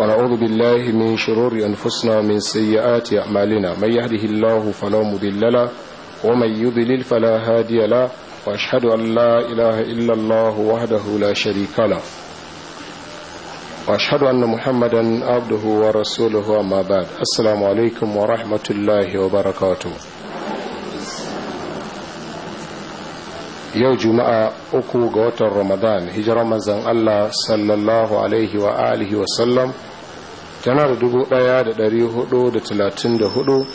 ونعوذ بالله من شرور أنفسنا ومن سيئات أعمالنا من يهده الله فلا مضل له ومن يضلل فلا هادي له وأشهد أن لا إله إلا الله وحده لا شريك له وأشهد أن محمدا عبده ورسوله أما بعد السلام عليكم ورحمة الله وبركاته yau juma'a uku ga watan ramadan hijirar manzan allah sallallahu alaihi wa alihi wasallam tana da dubu ɗaya da ɗari hudu da talatin da hudu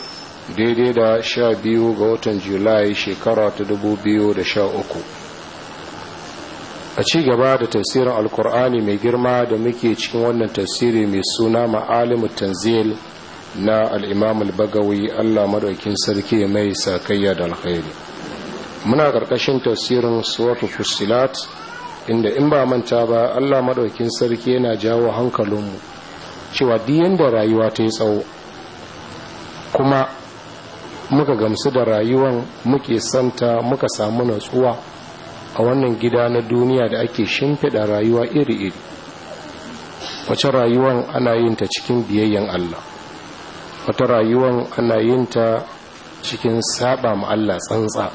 daidai da sha biyu ga watan julai shekara ta dubu biyu da sha uku a ci gaba da tafsirin alkur'ani mai girma da muke cikin wannan tafsiri mai suna ma'alimu tanzil na al'imam al-bagawi allah madaukin sarki mai sakayya da alkhairi muna ƙarƙashin tafsirin suwatu fusilat inda in ba manta ba allah madaukin sarki yana jawo hankalinmu cewa duk yanda rayuwa ta yi tsawo kuma muka gamsu da rayuwan muke santa muka samu natsuwa a wannan gida na duniya da ake shimfiɗa rayuwa iri-iri wace rayuwan ana yin ta cikin biyayyen Allah wata rayuwan ana yin ta cikin saba ma Allah tsantsa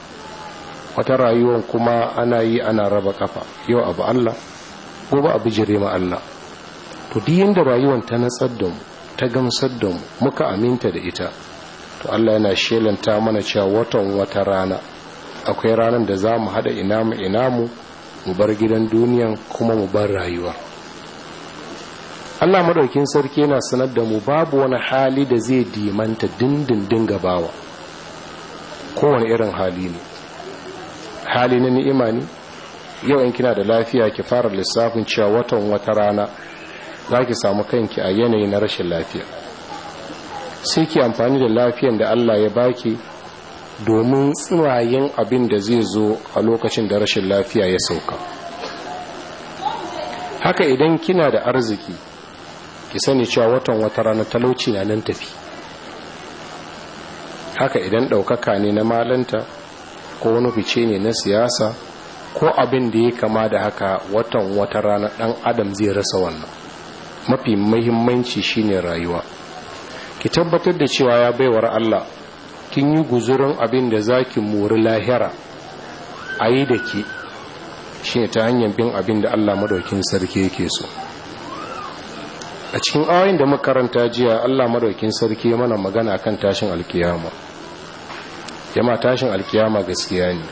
wata rayuwan kuma ana yi ana raba kafa yau abu Allah gobe abu jire ma Allah to duk yanda rayuwar ta natsar da mu ta gamsar da mu muka aminta da ita to Allah yana shelanta mana cewa watan wata rana akwai ranar da za mu haɗa ina mu ina mu mu bar gidan duniya kuma mu bar rayuwa Allah madaukin sarki yana sanar da mu babu wani hali da zai dimanta dindindin gabawa kowane irin hali ne hali na ni'ima ne yau in kina da lafiya ki fara lissafin cewa watan wata rana za ki samu kanki a yanayi na rashin lafiya sai ki amfani da lafiyan da Allah ya baki domin tsirayen abin da zai zo a lokacin da rashin lafiya ya sauka haka idan kina da arziki ki sani cewa watan wata rana talauci na nan tafi haka idan ɗaukaka ne na malanta ko wani fice ne na siyasa ko abin da ya kama da haka watan wata rana ɗan adam zai rasa wannan mafi mahimmanci shine rayuwa ki tabbatar da cewa ya baiwar Allah kin yi guzurin abin da zaki mori lahira a yi da ke shine ta hanyar bin abin da Allah madaukin sarki yake so a cikin ayoyin da makaranta jiya Allah madaukin sarki mana magana kan tashin alkiyama yama tashin alkiyama gaskiya ne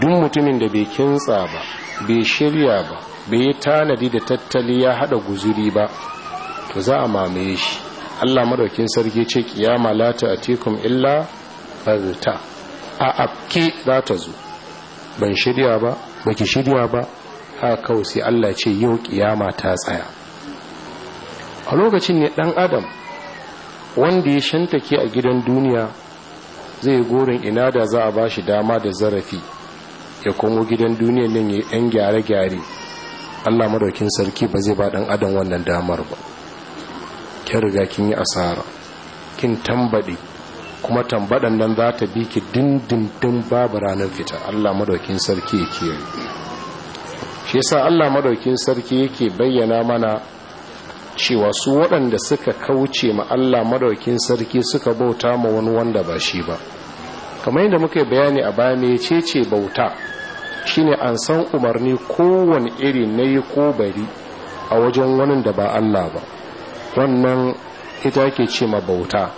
duk mutumin da bai kintsa ba bai shirya ba bai yi tanadi da tattali ya hada guzuri ba to za a mamaye shi Allah madaukin sarki ce kiyama la ta'tikum illa bagta a afke za ta zo ban shirya ba baki shirya ba a kawai sai Allah ce yau kiyama ta tsaya a lokacin ne dan adam wanda ya shantake a gidan duniya zai gorin ina da za a ba shi dama da zarafi ya komo gidan duniyar nan ya yi yan gyare-gyare Allah madaukin sarki ba zai ba dan adam wannan damar ba kin riga kin yi asara kin tambade kuma tambadan nan za ta bi ki dindindin babu ranar fita Allah madaukin sarki yake yi shi yasa Allah madaukin sarki yake bayyana mana cewa su waɗanda suka kauce ma Allah madaukin sarki suka bauta ma wani wanda ba shi ba kamar yadda muka bayani a baya ce bauta shine an san umarni kowane iri na yi ko bari a wajen wani da ba Allah ba wannan ita ke ce ma bauta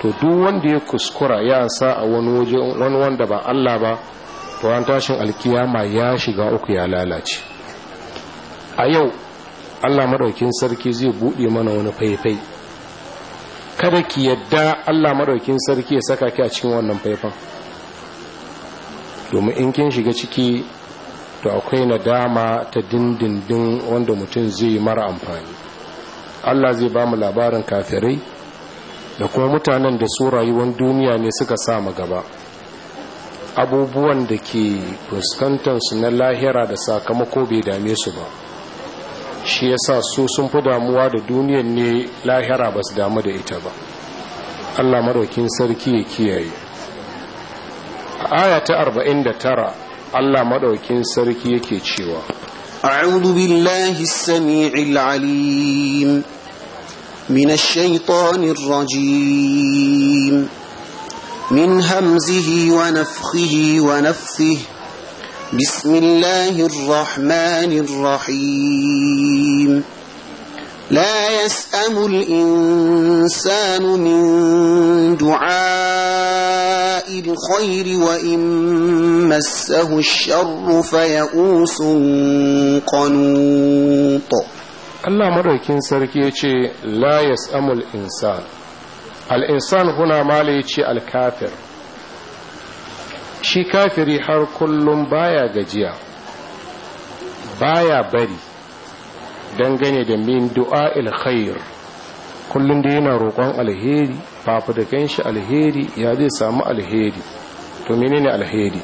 to duk wanda ya kuskura ya sa a wani waje wani wanda ba Allah ba to an tashin alkiyama ya shiga uku ya lalace a yau Allah madaukin sarki zai buɗe mana wani faifai kada ki yadda Allah madaukin sarki ya saka ki a cikin wannan faifan domin in kin shiga ciki to akwai nadama ta dindindin wanda mutum zai yi mara amfani Allah zai ba mu labarin kafirai da kuma mutanen da su rayuwar duniya ne suka sama gaba abubuwan da ke fuskantar su na lahira da sakamako bai dame su ba shi yasa su sun fi damuwa da duniyar ne lahira ba su damu da ita ba Allah maraukin sarki ya kiyaye aya ta tara Allah maɗaukin sarki yake cewa a'udhu billahi as-sami'il 'alim minash shaitanir rajim min hamzihi wa nafthihi wa nafthihi bismillahir rahmanir rahim. لا يسأم الإنسان من دعاء الخير وإن مسه الشر فيئوس قنوط الله مريكين سركي لا يسأم الإنسان الإنسان هنا مالي الكافر shi kafiri har kullum baya gajiya baya bari dangane da min du'a khair kullum da yana roƙon alheri da shi alheri ya zai samu alheri to menene alheri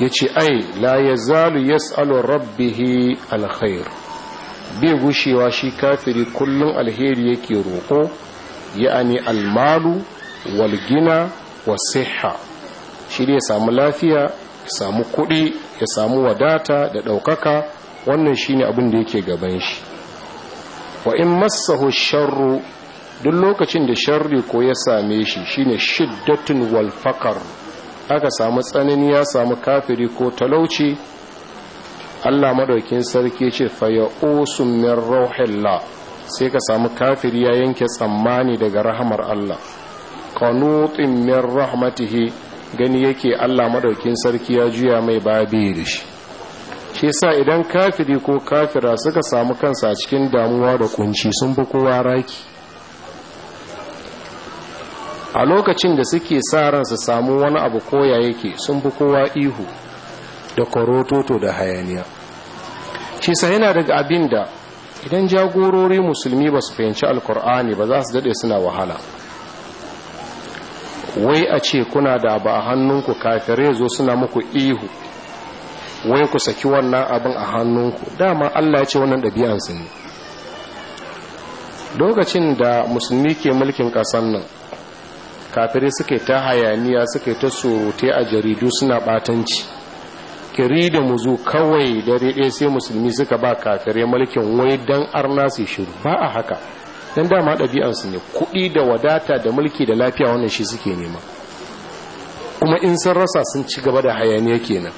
yace ai la yazalu yas'alu rabbihi alkhair bai gushewa shi kafiri kullum alheri yake roƙo ya'ani almalu walgina wa siha shi ne ya samu lafiya ya samu kuɗi ya samu wadata da ɗaukaka wannan shi ne abin da yake gaban shi wa in massahu sharru duk lokacin da sharri ko ya same shi shine shiddatun walfakar walfakar. aka samu tsanani ya samu kafiri ko talauci Allah maɗaukin sarki ce faya osun min rauhillah sai ka samu kafiri ya yanke tsammani daga rahamar Allah qanutin min rahmatihi gani yake Allah maɗaukin sarki ya juya mai babi da shi shi sa idan kafiri ko kafira suka samu kansa cikin damuwa da kunci sun fi kowa raki a lokacin da suke sa ran su samu wani abu koya yake sun fi kowa ihu da kwarototo da hayaniya shi sa yana daga abin da idan jagorori musulmi ba su fahimci alkur'ani ba za su dade suna wahala wai a ce kuna da ba a hannunku kafirai zo suna muku ihu wai ku saki wannan abin a hannunku dama Allah ya ce wannan ɗabi'ansu ne lokacin da musulmi ke mulkin ƙasar nan kafirai suke ta hayaniya suke ta surute a jaridu suna batanci kiri da muzu kawai dare ɗaya sai musulmi suka ba kafirai mulkin wai don arna su shiru ba a haka don dama ɗabi'ansu ne kuɗi da wadata da mulki da lafiya wannan shi suke nema kuma in sun rasa sun ci gaba da hayaniya kenan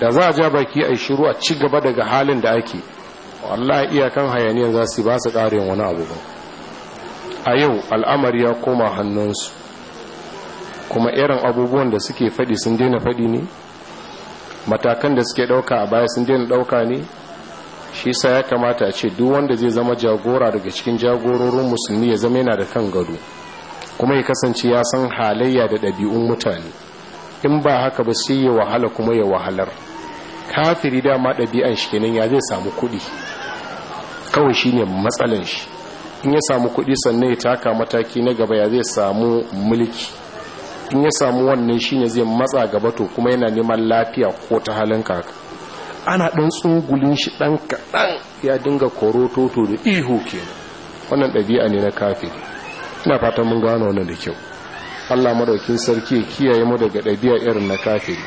da za a ja baki a yi shiru a ci gaba daga halin da ake wallahi iyakan hayaniyan za su ba su ƙarin wani abu ba a yau al'amari ya koma hannunsu kuma irin abubuwan da suke faɗi sun daina faɗi ne matakan da suke ɗauka a baya sun daina ɗauka ne shi sa ya kamata a ce duk wanda zai zama jagora daga cikin jagororin musulmi ya zama yana da kan gado kuma ya kasance ya san halayya da ɗabi'un mutane in ba haka ba sai ya wahala kuma ya wahalar kafiri dama ɗabi'an shi kenan ya zai samu kuɗi kawai shi ne matsalan shi in ya samu kuɗi sannan ya taka mataki na gaba ya zai samu mulki in ya samu wannan shi ne zai matsa gaba to kuma yana neman lafiya ko ta halin kaka ana ɗan tsungulin shi ɗan kaɗan ya dinga korototo da ihu kenan wannan ɗabi'a ne na kafiri ina fata mun gano wannan da kyau Allah madaukin sarki ya kiyaye mu daga ɗabi'a irin na kafiri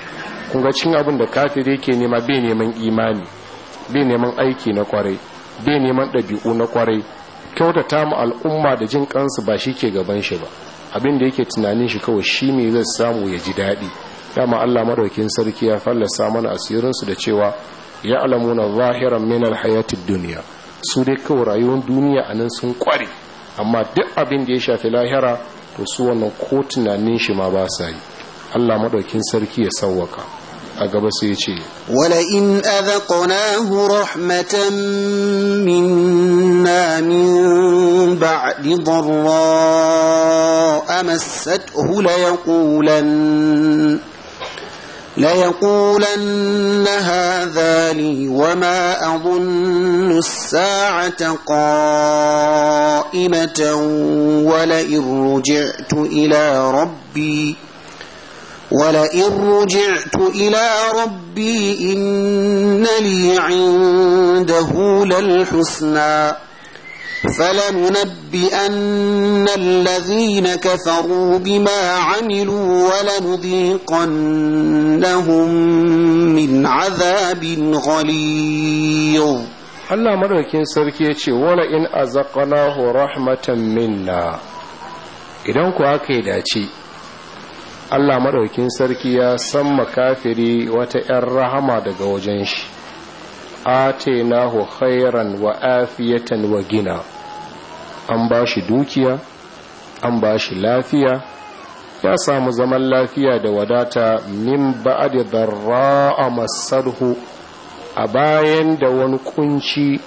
kunga ga cin abin da kafiri yake nema bai neman imani bai neman aiki na kwarai bai neman ɗabi'u na kwarai kyautata mu al'umma da jin kansu ba shi ke gaban shi ba abin da yake tunanin shi kawai shi ne zai samu ya ji daɗi dama Allah madaukin sarki ya fallasa mana asirin su da cewa ya alamuna zahiran min alhayatid duniya su dai kawai rayuwar duniya anan sun kware amma duk abin da ya shafi lahira to su wannan ko tunanin shi ma ba sa yi Allah madaukin sarki ya sawwaka a gaba sai ya ce wala in azaqnahu rahmatan minna min ba'di dharra amassathu la yaqulanna ليقولن هذا لي وما أظن الساعة قائمة ولئن رجعت إلى ربي ولئن رجعت إلى ربي إن لي عنده للحسنى فلننبئن الذين كفروا بما عملوا ولنذيقنهم من عذاب غليظ Allah madaukin sarki ya ce wala in azaqnahu rahmatan minna idan ku aka yi dace Allah madaukin sarki ya san makafiri wata 'yar rahama daga wajen shi atainahu khairan wa afiyatan wa gina an ba shi dukiya an ba shi lafiya ya samu zaman lafiya da wadata min ba a da masadhu a bayan da wani kunci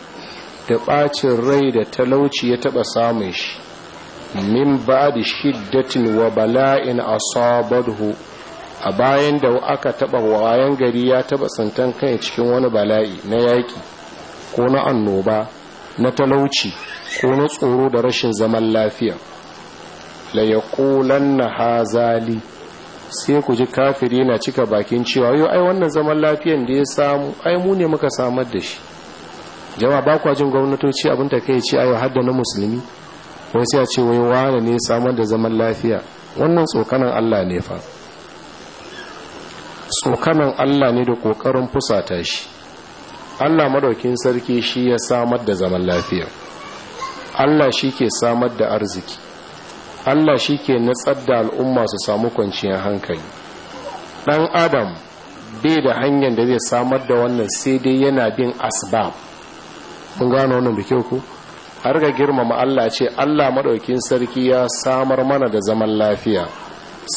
da bacin rai da talauci ya taba samun shi min ba da shiddatin wa bala'in a asabadhu a bayan da aka taba wayan gari ya taba santan kai cikin wani bala'i na yaki ko na annoba na talauci ko na tsoro da rashin zaman lafiya la na hazali sai ku ji kafiri na cika bakin cewa yau ai wannan zaman lafiyan da ya samu ai mu ne muka samar da shi jama ba kwa jin gwamnatoci abin ta kai ce ayo hadda na musulmi wai sai a ce wai wane ne samar da zaman lafiya wannan tsokanan Allah ne fa tsokanan Allah ne da kokarin fusata shi Allah madaukin sarki shi ya samar da zaman lafiya Allah shi ke samar da arziki Allah shi ke natsar da al'umma su samu kwanciyar hankali ɗan adam bai da hanyar da zai samar da wannan sai dai yana bin asbab mun gano wannan da ku har ga girmama Allah ce Allah maɗaukin sarki ya samar mana da zaman lafiya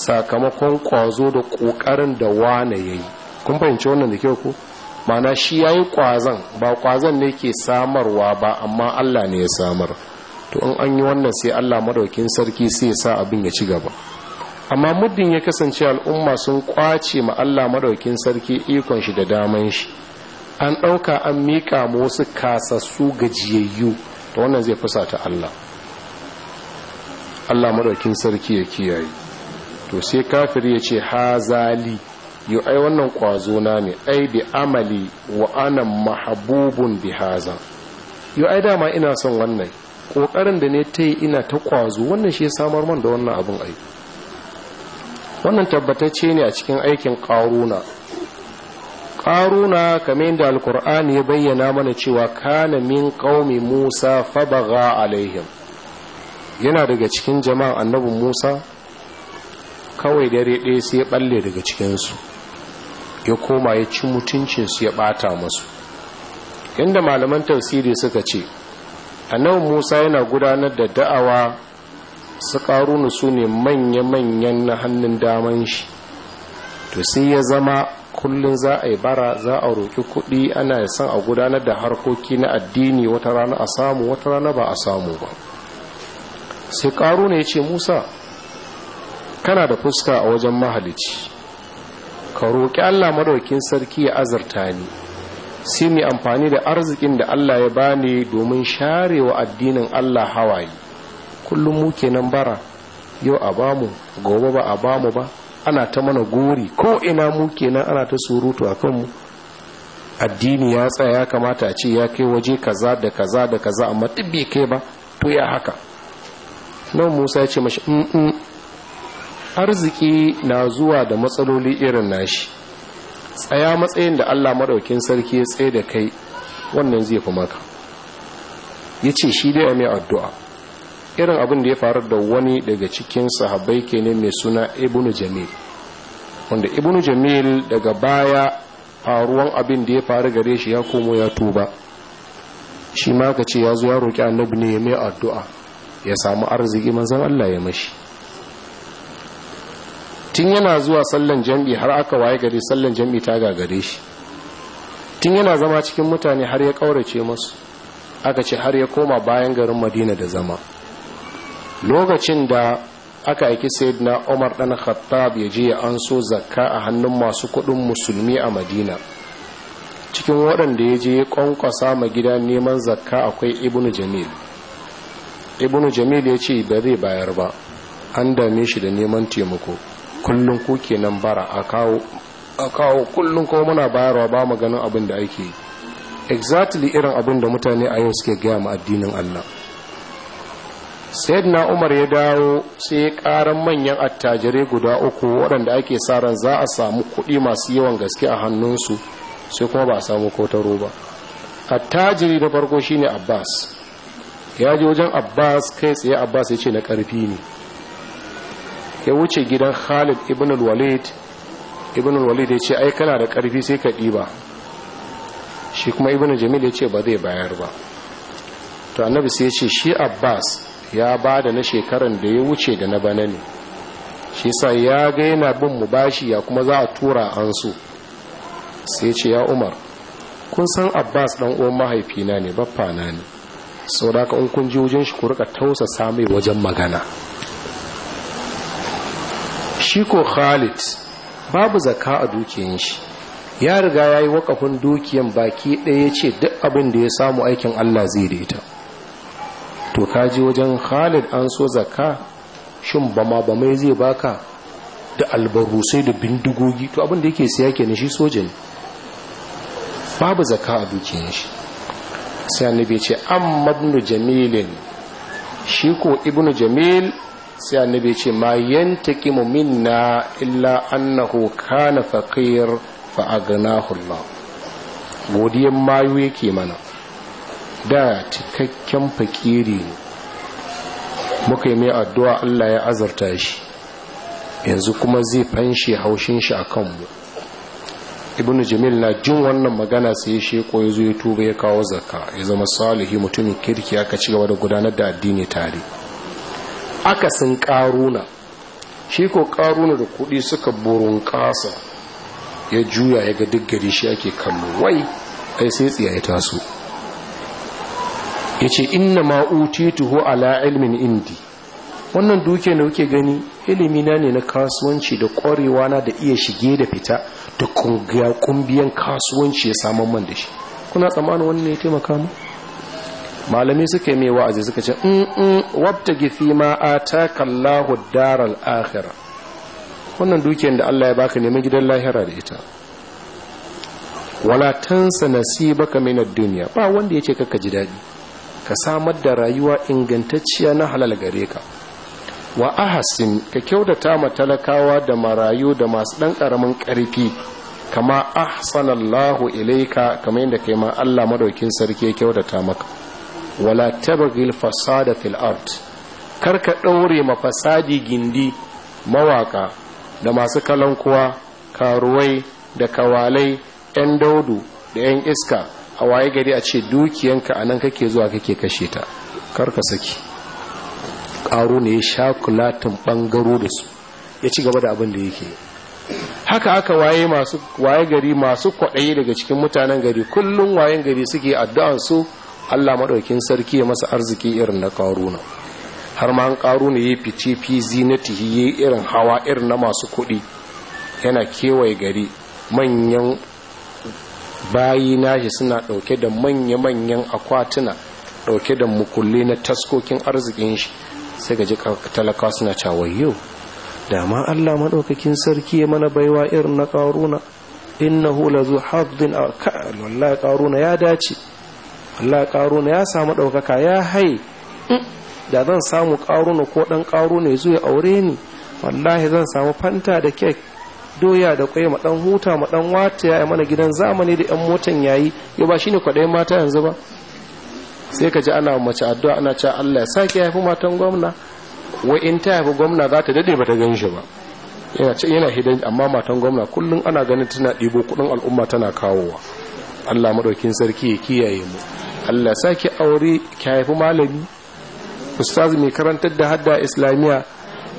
sakamakon ƙwazo da ƙoƙarin da wane ya yi kun fahimci wannan da kyau ku mana shi ya yi ƙwazon ba ƙwazon ne ke samarwa ba amma Allah ne ya samar to in an yi wannan sai Allah madaukin sarki sai sa abin ya ci gaba amma muddin ya kasance al'umma sun kwace ma Allah madaukin sarki ikon shi da daman shi an ɗauka an miƙa ma wasu kasassu gajiyayyu to wannan zai fusa ta Allah Allah madaukin sarki ya kiyaye to sai kafiri ya ce hazali yo ai wannan kwazo na ne ai bi amali wa ana mahabubun bi haza yau ai dama ina son wannan ƙoƙarin da ne ta yi ina ta ƙwazo wannan shi samar man da wannan abin aiki. wannan tabbatacce ne a cikin aikin ƙaruna ƙaruna kamar yadda alkur'ani ya bayyana mana cewa kana min ƙaumi musa fabaga alaihim yana daga cikin jama'an annabin musa kawai dare ɗaya sai ya ɓalle daga cikinsu ya koma ya ci mutuncinsu ya ɓata masu inda malaman tafsiri suka ce A annabi musa yana gudanar da da'awa su karunu su ne manya-manyan na hannun daman shi to sai ya zama kullum za a yi bara za a roƙi kuɗi ana son a gudanar da harkoki na addini wata rana a samu wata rana ba a samu ba sai ƙaru ne ya ce musa kana da fuska a wajen mahalici ka roƙi allah maɗaukin sarki ya azarta ni sai mai amfani da arzikin da Allah ya bani domin sharewa addinin Allah hawaye kullum mu kenan bara yau a bamu gobe ba a bamu ba ana ta mana gori ko ina mu kenan ana ta surutu a kanmu addini ya tsaya ya kamata a ce ya kai waje kaza da kaza da kaza amma duk bai kai ba to ya haka nan Musa ya ce mashi arziki na zuwa da matsaloli irin nashi tsaya matsayin da Allah maɗaukin sarki ya tsaye da kai wannan zai fi maka ya ce shi dai a mai addu'a irin abin da ya faru da wani daga cikin sahabbai ne mai suna ibnu jamil wanda ibnu jamil daga baya faruwan abin da ya faru gare shi ya komo ya tuba shi ma ka ce ya zo ya roƙi annabi ne ya mai addu'a ya samu arziki manzan Allah ya mashi tun yana zuwa sallan jam'i har aka waye gare sallan jam'i ta gagare shi tun yana zama cikin mutane har ya ƙaurace masu aka ce har ya koma bayan garin madina da zama lokacin da aka aiki na umar Dan khattab ya je ya an so zakka a hannun masu kuɗin musulmi a madina cikin waɗanda ya je ya ƙwanƙwasa ma gida neman zakka akwai ibnu jamil ibnu jamil ya ce ba zai bayar ba an dame shi da neman taimako kullum ku kenan bara a kawo a kawo kullum ko muna bayarwa ba mu ganin abin da ake yi exactly irin abin da mutane a yau suke gaya ma addinin Allah sayyidina Umar ya dawo sai ya karan manyan attajirai guda uku waɗanda ake sa ran za a samu kuɗi masu yawan gaske a hannunsu sai kuma ba a samu kotaro ba attajiri na farko shine Abbas ya je wajen Abbas kai tsaye Abbas ya ce na ƙarfi ne ya wuce gidan khalid ibn al-walid ibn walid ya ce ai kana da karfi sai ka ɗiba shi kuma ibn jamil ya ce ba zai bayar ba to annabi sai ya ce shi abbas ya ba da na shekaran da ya wuce da na bana ne shi sa ya ga yana bin mu bashi ya kuma za a tura an su sai ce ya umar kun san abbas ɗan uwan mahaifina ne na ne saboda ka in kun ji wajen shi ku rika tausasa mai wajen magana shi ko khalid babu zaka a dukiyan shi ya riga ya yi wakafin dukiyan baki ɗaya ce duk abin da ya samu aikin allah zai da ita to kaji wajen khalid an so zaka shin bama bamai zai baka da albarusai da bindigogi to abin da yake siya ke shi soja ne babu zaka a dukiyan shi sai annabi ce amma ibnu jamilin shi ko ibnu jamil sai annabi ce ma yantaqimu minna illa annahu kana faqir fa aghnahu Allah godiyan mayu yake mana da cikakken fakiri muka yi mai addu'a Allah ya azarta shi yanzu kuma zai fanshe haushin shi akan mu ibnu jamil na jin wannan magana sai ya sheko ya zo ya tuba ya kawo zakka ya zama salihi mutumin kirki aka ci gaba da gudanar da addini tare akasin ƙaruna shi ko ƙaruna da kuɗi suka burin kasa ya juya ya ga duk gari shi ake kallo wai ai sai tsiya ya taso ya ce inna ma'utituhu ala ilmin indi wannan duke da kuke gani ilimina ne na kasuwanci da ƙwarewa na da iya shige da fita da kungiya kungiyan kasuwanci ya samu man da shi kuna tsammanin wannan ya taimaka mu malami suka yi mai wa'azi suka ce in mm, mm, wabta gifi ma a takallahu daral akhira wannan dukiyar da Allah ya baka neman gidan lahira da ita wala tansa nasibaka min ad-dunya ba wanda yake kaka ji dadi ka samar da rayuwa ingantacciya na halal gare ka wa ahsin ka kyautata ma talakawa da marayu da masu dan karamin karfi kama ahsanallahu ilayka kamar yadda kai ma Allah madaukin sarki ya kyautata maka wala tabghil fasada fil ard karka daure ma fasadi gindi mawaka da masu kalankuwa karuwai da kawalai yan daudu da yan iska a waye gari a ce dukiyanka a nan kake zuwa kake kashe ta karka saki karu ne ya sha kulatin bangaro da su ya ci gaba da abin da yake haka aka waye masu waye gari masu kwaɗayi daga cikin mutanen gari kullum wayen gari suke addu'ansu su Allah maɗaukin sarki ya masa arziki irin na ƙaruna har ma an ƙaruna ya fice fi zinati ya irin hawa irin na masu kuɗi yana kewaye gari manyan bayi nashi suna ɗauke da manya-manyan akwatuna ɗauke da mukulle na taskokin arzikin shi sai ga ji talaka suna cawayo da ma Allah maɗaukakin sarki ya mana baiwa irin na ƙaruna innahu lazu haddin a ka'al wallahi ƙaruna ya dace Allah ne ya samu ɗaukaka ya hai mm. da zan samu ne ko ɗan karo ne zuwa aure ni wallahi zan samu fanta da kek doya da kwai ma ɗan huta ma ɗan wata ya mana gidan zamani da ƴan motan yayi ya ba shine kwaɗayin mata yanzu ba sai ka ji ana mace addu'a ana cewa Allah ya sake haifi matan gwamna wai in ta haifi gwamna za ta dade ba gan shi ba yana ce yana hidan amma matan gwamna kullum ana ganin tana ɗibo kuɗin al'umma tana kawowa Allah maɗaukin sarki ya kiyaye mu Allah sake aure ki haifi malami ustaz mai karantar da hadda islamiya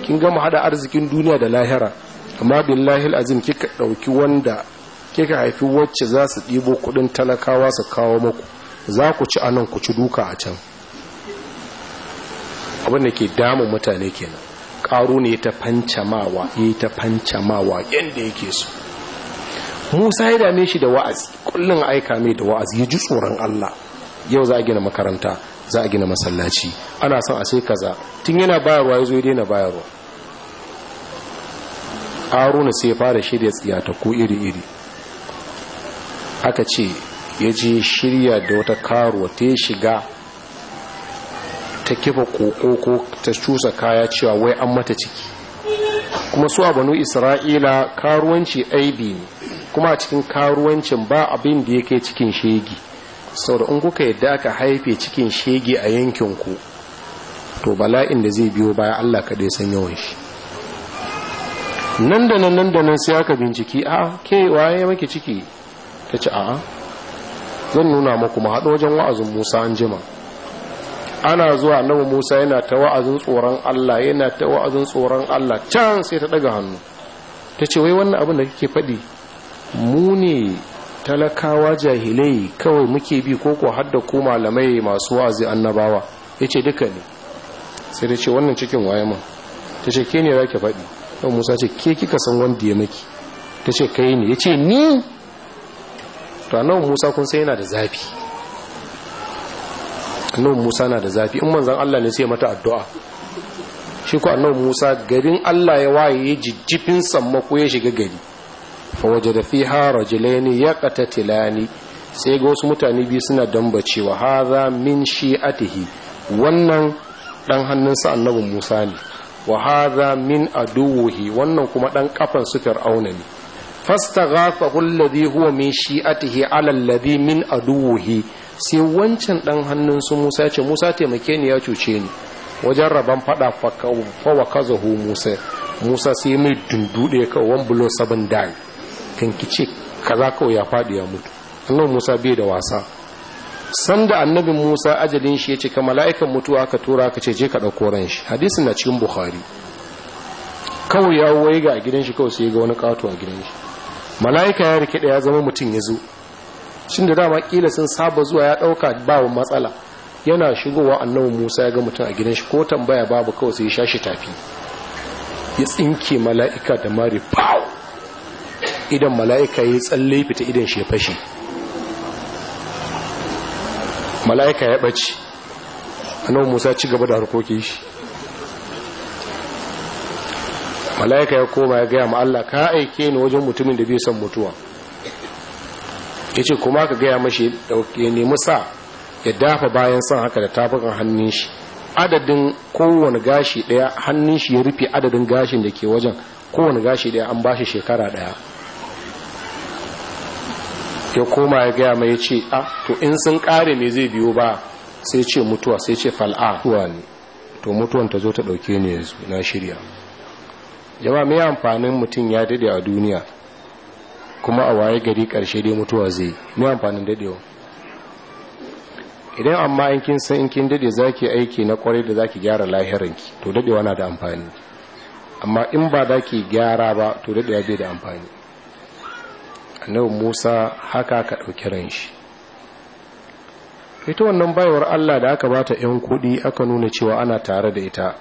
kin gama hada arzikin duniya da lahira amma billahi azim kika dauki wanda kika haifi wacce za su ɗibo kuɗin talakawa su kawo maku za ku ci anan ku ci duka a can abin da ke damun mutane kenan karu ne ta fancamawa ya yi ta fancamawa yadda yake so musa ya dame shi da wa'azi kullum aika mai da wa'azi ya ji tsoron allah yau za a gina makaranta za a gina masallaci ana son a sai kaza tun yana bayarwa ya zo ya daina bayarwa na sai ya fara shirya tsiyata ko iri-iri aka ce ya je shirya da wata karuwa ta shiga ta kifa koko ko ta cusa kaya cewa wai an mata ciki kuma su a banu isra'ila karuwanci aibi ne kuma a cikin karuwancin ba abin da yake cikin shegi sau da in kuka yadda aka haife cikin shege a yankinku to bala'in da zai biyo baya Allah kaɗai san yawan shi nan da nan nan da nan sai aka binciki a ke waye maki ciki ta ci a zan nuna maku ma haɗo wajen wa'azin musa an jima ana zuwa nawa musa yana ta wa'azin tsoron allah yana ta wa'azin tsoron allah can sai ta ɗaga hannu ta ce wai wannan abin da kake faɗi mu ne talakawa jahilai kawai muke bi ko ko hadda ko malamai masu wa'azi annabawa yace duka ne sai da ce wannan cikin waye mun ta ce ke ne za faɗi ɗan musa ce ke kika san wanda ya maki ta ce kai ne ya ce ni to musa kun sai yana da zafi annabi musa na da zafi in manzan allah ne sai mata addu'a shi ko annabi musa garin allah ya waye ya jijjifin sammako ya shiga gari fawajada yaƙa rajulaini katatilani sai ga wasu mutane biyu suna dambacewa hadha min shi'atihi wannan ɗan hannunsa annabin Musa ne wa hadha min aduwwihi wannan kuma ɗan kafan su fir'auna ne fastaghathahu alladhi huwa min shi'atihi ala alladhi min aduwwihi sai wancan ɗan hannun su Musa ya ce Musa taimake ni ya cuce ni wajen rabon fada fa wa kazahu Musa sai mai dundude kawai wan bulo sabon dai kan ki ce kaza kawai ya faɗi ya mutu annabi musa bai da wasa sanda annabin musa ajalin shi ya ce ka mala'ikan mutuwa ka tura ka ce je ka ɗauko ran shi hadisin na cikin bukhari kawai ya waiga a gidan shi kawai sai ga wani kato a gidan shi mala'ika ya rike da ya zama mutum ya zo shin da dama kila sun saba zuwa ya ɗauka babu matsala yana shigowa annabin Musa ya ga mutum a gidan shi ko tambaya babu kawai sai ya shashi tafi ya tsinke mala'ika da mari pow idan mala'ika ya tsalle fita idan shi ya fashe mala'ika ya ɓace annabi musa ci gaba da harkoki? shi mala'ika ya koma ya gaya ma Allah ka aike ni wajen mutumin da bai son mutuwa ya ce kuma ka gaya mashi ya nemi sa ya dafa bayan son haka da tafukan hannun shi adadin kowane gashi daya hannun shi ya rufe adadin gashin da ke wajen kowane gashi daya an bashi shekara daya ya koma ya gaya mai ce a ah, to in sun kare me zai biyo ba sai ce mutuwa sai ce fal'a kuwa ne to mutuwan ta zo ta ɗauke ne yanzu na shirya jama mai amfanin mutum ya daɗe a duniya kuma a waye gari karshe dai mutuwa zai mai amfanin daɗewa idan amma in kin san in kin daɗe za ki aiki na kwarai da za ki gyara lahiranki to daɗewa na da amfani amma in ba za ki gyara ba to ya bai da amfani annabi musa haka ka ɗauki ran shi ita wannan bayawar allah da aka bata 'yan kuɗi aka nuna cewa ana tare da ita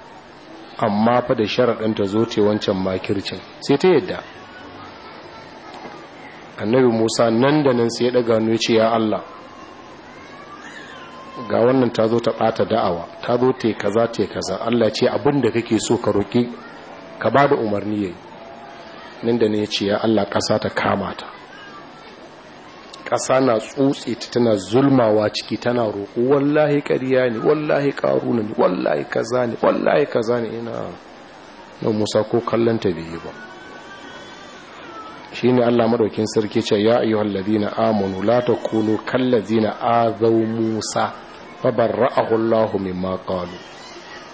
amma fa da sharaɗin ta zo ce wancan makircin sai ta yadda annabi musa nan da nan sai ya ɗaga hannu ce ya allah ga wannan ta zo ta ɓata da'awa ta zo te kaza te kaza allah ce abin da kake so ka roƙi ka ba da umarni yayi nan da ne ya ce ya allah ƙasa ta kama ta ƙasa na tsotse ta tana zulmawa ciki tana roƙo wallahi ƙarya ne wallahi ƙaru ne wallahi kaza ne wallahi kaza ne ina na musa ko kallon ta biyu ba shine Allah madaukin sarki ce ya ayyuhal ladina amanu la takunu kal ladina azaw musa fa barra'ahu Allah mimma qalu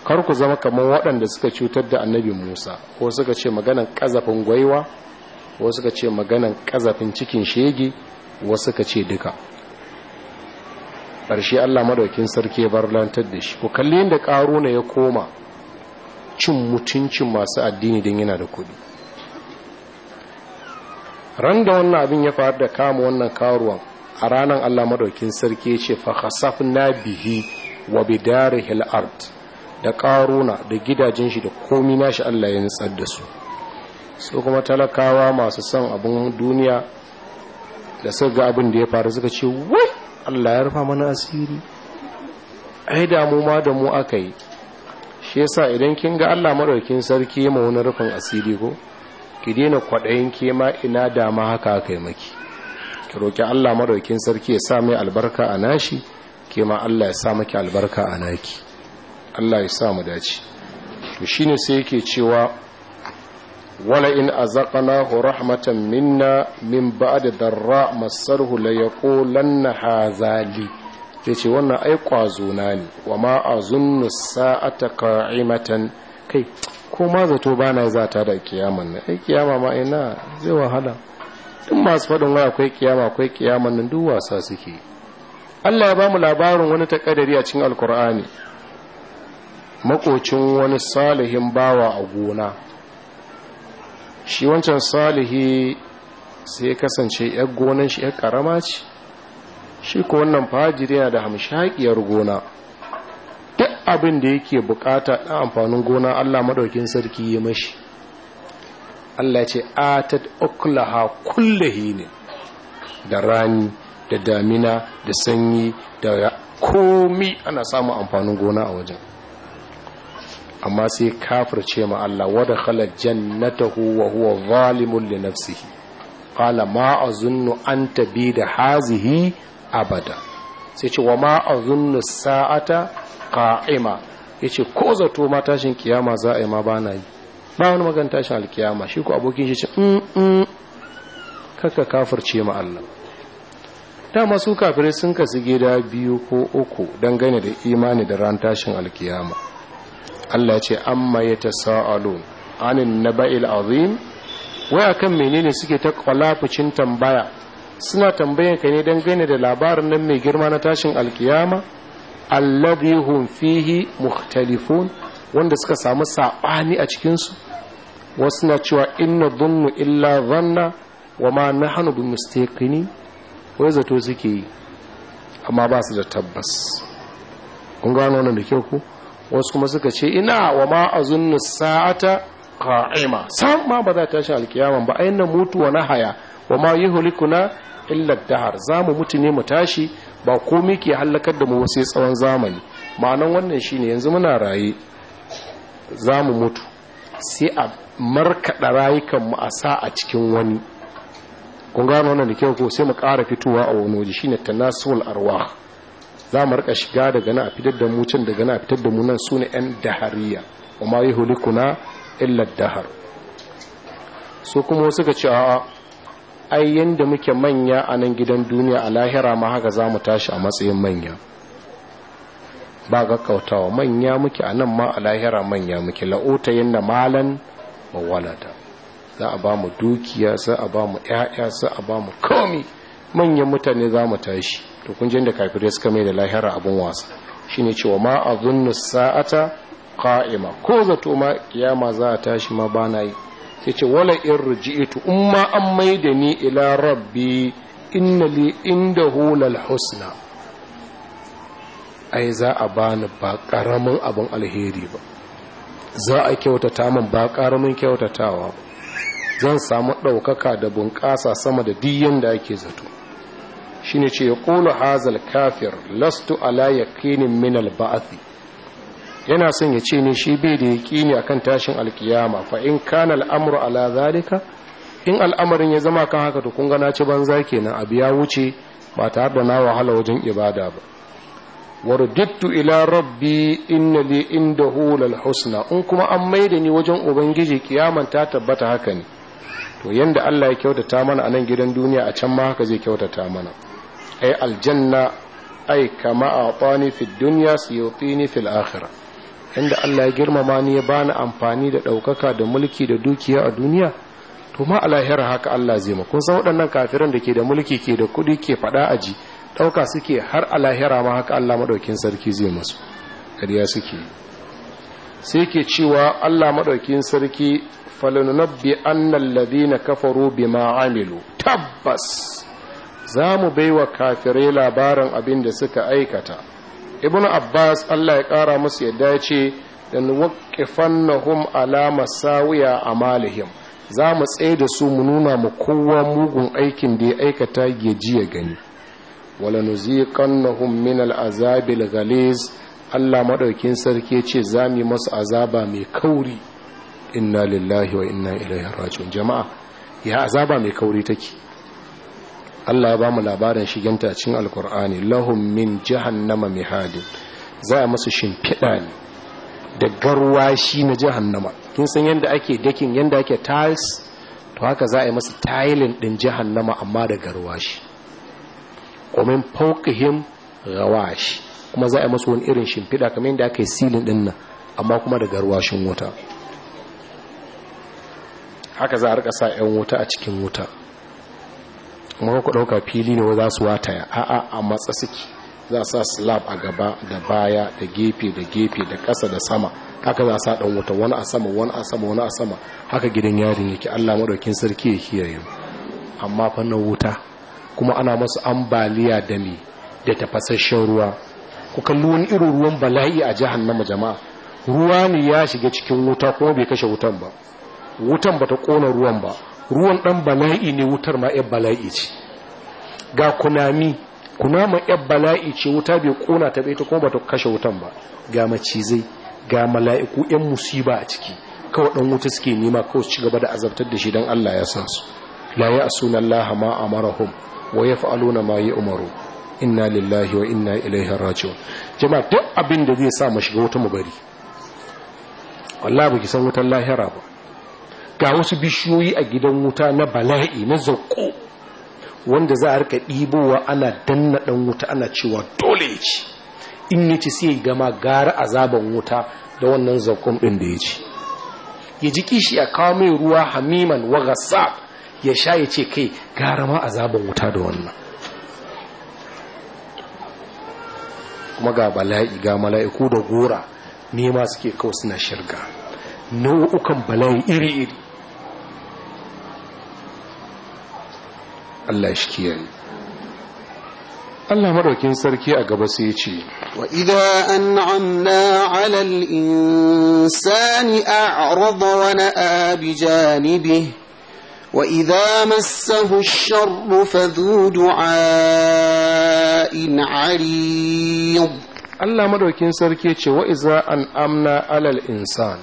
kar ku zama kamar waɗanda suka cutar da annabi Musa ko suka ce maganan kazafin gwaiwa ko suka ce maganan ƙazafin cikin shege wasu ka ce duka ƙarshe allah madaukin sarki ya bar lantar da shi ku kalli yadda ƙaro na ya koma cin mutuncin masu addini don yana da kuɗi ran da wannan abin ya faru da kama wannan karuwan a ranar allah madaukin sarki ya ce fahasaf na bihi wa bidari hil'art da ƙaruna da gidajen shi da komi nashi allah ya nutsar da su su kuma talakawa masu son abin duniya da suka ga abin da ya faru suka ce wai Allah ya rufa mana asiri ai damu ma da mu aka yi shi yasa idan kin ga Allah madaukin sarki ma wani rufin asiri ko ki daina kwaɗayin ke ma ina dama haka aka yi maki ki roki Allah madaukin sarki ya sa mai albarka a nashi ke ma Allah ya sa maki albarka a naki Allah ya sa mu dace to shine sai yake cewa wala in azaqnahu rahmatan minna min ba'da darra masarhu la yaqulanna hadha li yace wannan ai kwazo na ne wa ma azunnu sa'ata qa'imatan kai ko ma zato bana zata da kiyaman nan ai kiyama ma ina zai wahala duk masu faɗin wani akwai kiyama akwai kiyaman nan duk wasa suke Allah ya bamu labarin wani takadari a cikin alkur'ani makocin wani salihin bawa a gona shi wancan salihi sai kasance yar gonan shi yar karama ce shi ko wannan fajiri yana da hamshakiyar gona duk abin da yake bukata ɗan amfanin gona Allah maɗaukin sarki ya mashi Allah ce atat uklaha kullahi ne da rani da damina da sanyi da komi ana samun amfanin gona a wajen amma sai kafirce ma Allah wada khala jannatahu wa huwa zalimun li nafsihi qala ma azunnu an tabida hazihi abada sai ce wa ma azunnu sa'ata qa'ima yace ko zato ma tashin kiyama za a yi ma bana yi ba wani magan tashin alkiyama shi ko abokin shi ce mm mm kaka kafirce ma Allah dama su kafirai sun kasu gida biyu ko uku dangane da imani da ran tashin alkiyama Allah ce amma ya ta tasa'alun anin na ba’il azim waya kan menene suke ta kwalafucin tambaya suna tambayan ka ne don gane da labarin nan mai girma na tashin alkiyama alladhi hum fihi muhtalifun wanda suka samu saɓani a cikinsu wasu na cewa inna dhunnu illa zanna wa ma na bin mistakini wai zato suke yi amma ba su da tabbas kun gano wannan da kyau ko wasu kuma suka ce ina wa ma azunnu sa'ata qa'ima sam ma ba za ta shi alkiyama ba ayin mutu wa haya wa ma da illa dahar mu mutu ne mu tashi ba komai ke halakar da mu wasu tsawon zamani ma'anan wannan shi ne yanzu muna raye Za mu mutu sai a markaɗa rayukanmu a sa a cikin wani kun gano wannan da kyau ko sai mu ƙara fitowa a wani waje shine tanasul arwah za mu rika shiga daga na a fitar da mu can daga na a fitar da mu nan su ne 'yan dahariya wa ma yuhlikuna illa dahar su kuma suka ce a ai yanda muke manya a nan gidan duniya a lahira ma haka za mu tashi a matsayin manya ba ga kautawa manya muke a nan ma a lahira manya muke la'uta yanda malan mawalata walada za a ba mu dukiya za a ba mu 'ya'ya za a ba mu komi manyan mutane za mu tashi to kun da kafirai suka mai da lahira abun wasa shine cewa ma azunnu sa'ata qa'ima ko zato ma kiyama za ta tashi ma bana yi sai ce wala in ruji'tu umma an mai da ni ila rabbi inna li indahu lal husna ai za a bani ba karamin abun alheri ba za a kyautata min ba karamin kyautatawa zan samu ɗaukaka da bunƙasa sama da duk da ake zato shine ce ya ƙulu hazal kafir lastu ala yaqinin min al yana son ya ce ne shi bai da yaqini akan tashin alkiyama fa in kana al'amru ala zalika in al'amarin ya zama kan haka to kun ga na ci banza kenan abu ya wuce ba tare da na wahala wajen ibada ba wardittu ila rabbi inna li indahu lal husna in kuma an maida ni wajen ubangiji kiyaman ta tabbata haka ne to yadda Allah ya kyautata mana a nan gidan duniya a can ma haka zai kyautata mana ay aljanna ay kama atani fi dunya siyutini fil akhirah inda Allah ya girmama ni ya bani amfani da ɗaukaka da mulki da dukiya a duniya to ma a lahira haka Allah zai ma kun san waɗannan kafiran da ke da mulki ke da kuɗi ke faɗa aji ɗauka suke har a lahira ma haka Allah maɗaukin sarki zai masu ƙarya suke sai ke cewa Allah maɗaukin sarki falinunabbi annal ladina kafaru bima amilu tabbas za mu bai wa kafirai labarin abin da suka aikata ibn abbas allah ya ƙara musu yadda ya ce dan nahum ala masawiya amalihim za mu tsaye da su mu nuna mu kowa mugun aikin da ya aikata ya ji ya gani wala nahum min al'azabil ghaliz Allah madaukin sarki ce za mu masu azaba mai kauri inna lillahi wa inna ilaihi raji'un jama'a ya azaba mai kauri take Allah ya bamu labarin shiganta cikin alkur'ani lahum min jahannama mihadin za a masu shimfiɗa ne da garwashi na jahannama kin san yadda ake dakin yadda ake tiles to haka za a yi masu tilin ɗin jahannama amma da garwashi komin fauƙihim rawashi kuma za a yi masu wani irin shimfiɗa kamar yadda aka yi silin ɗin nan amma kuma da garwashin wuta haka za a rika sa 'yan wuta a cikin wuta kuma ku ɗauka fili ne za su wataya a'a a matsa suke za sa slab a gaba da baya da gefe da gefe da ƙasa da sama haka za sa ɗan wuta wani a sama wani a sama wani a sama haka gidan yarin yake allah madaukin sarki ya kiyaye amma fannin wuta kuma ana masu ambaliya da me da tafasasshen ruwa ku kalli wani irin ruwan bala'i a jahannama jama'a ruwa ne ya shiga cikin wuta kuma bai kashe wutan ba wutan bata kona ruwan ba ruwan ɗan bala'i ne wutar ma ‘yar bala'i ce ga kunami kunama ‘yar bala'i ce wuta bai kona ta bai ta kuma ba ta kashe wutan ba ga macizai ga mala'iku ‘yan musiba a ciki kawai ɗan wuta suke nema kawai ci gaba da azabtar da shi don Allah ya sa su la ya asuna Allah ma amarahum wa yaf'aluna ma umaru inna lillahi wa inna ilaihi raji'un jama'a duk abin da zai sa mu shiga wuta mu bari wallahi ba ki san wutan lahira ba ga wasu bishiyoyi a gidan wuta na bala'i na zaƙo wanda za a rika ɗibowa ana danna ɗan wuta ana cewa dole ya ci in ya ci sai gama gara azaban wuta da wannan zaƙon ɗin da ya ci ya ji kishi a kawo mai ruwa hamiman wa ya sha ya ce kai gara ma azaban wuta da wannan kuma ga bala'i ga mala'iku da gora nema suke kawo suna shirga nau'ukan bala'i iri-iri Allah shi kiyaye Allah madaukin sarki a gaba sai ce wa idza an'amna 'ala al-insani a'rada wa na'a bi janibi wa idza massahu ash-sharru fadhu du'a'in 'arid Allah madaukin sarki ce wa idza an'amna 'ala al insan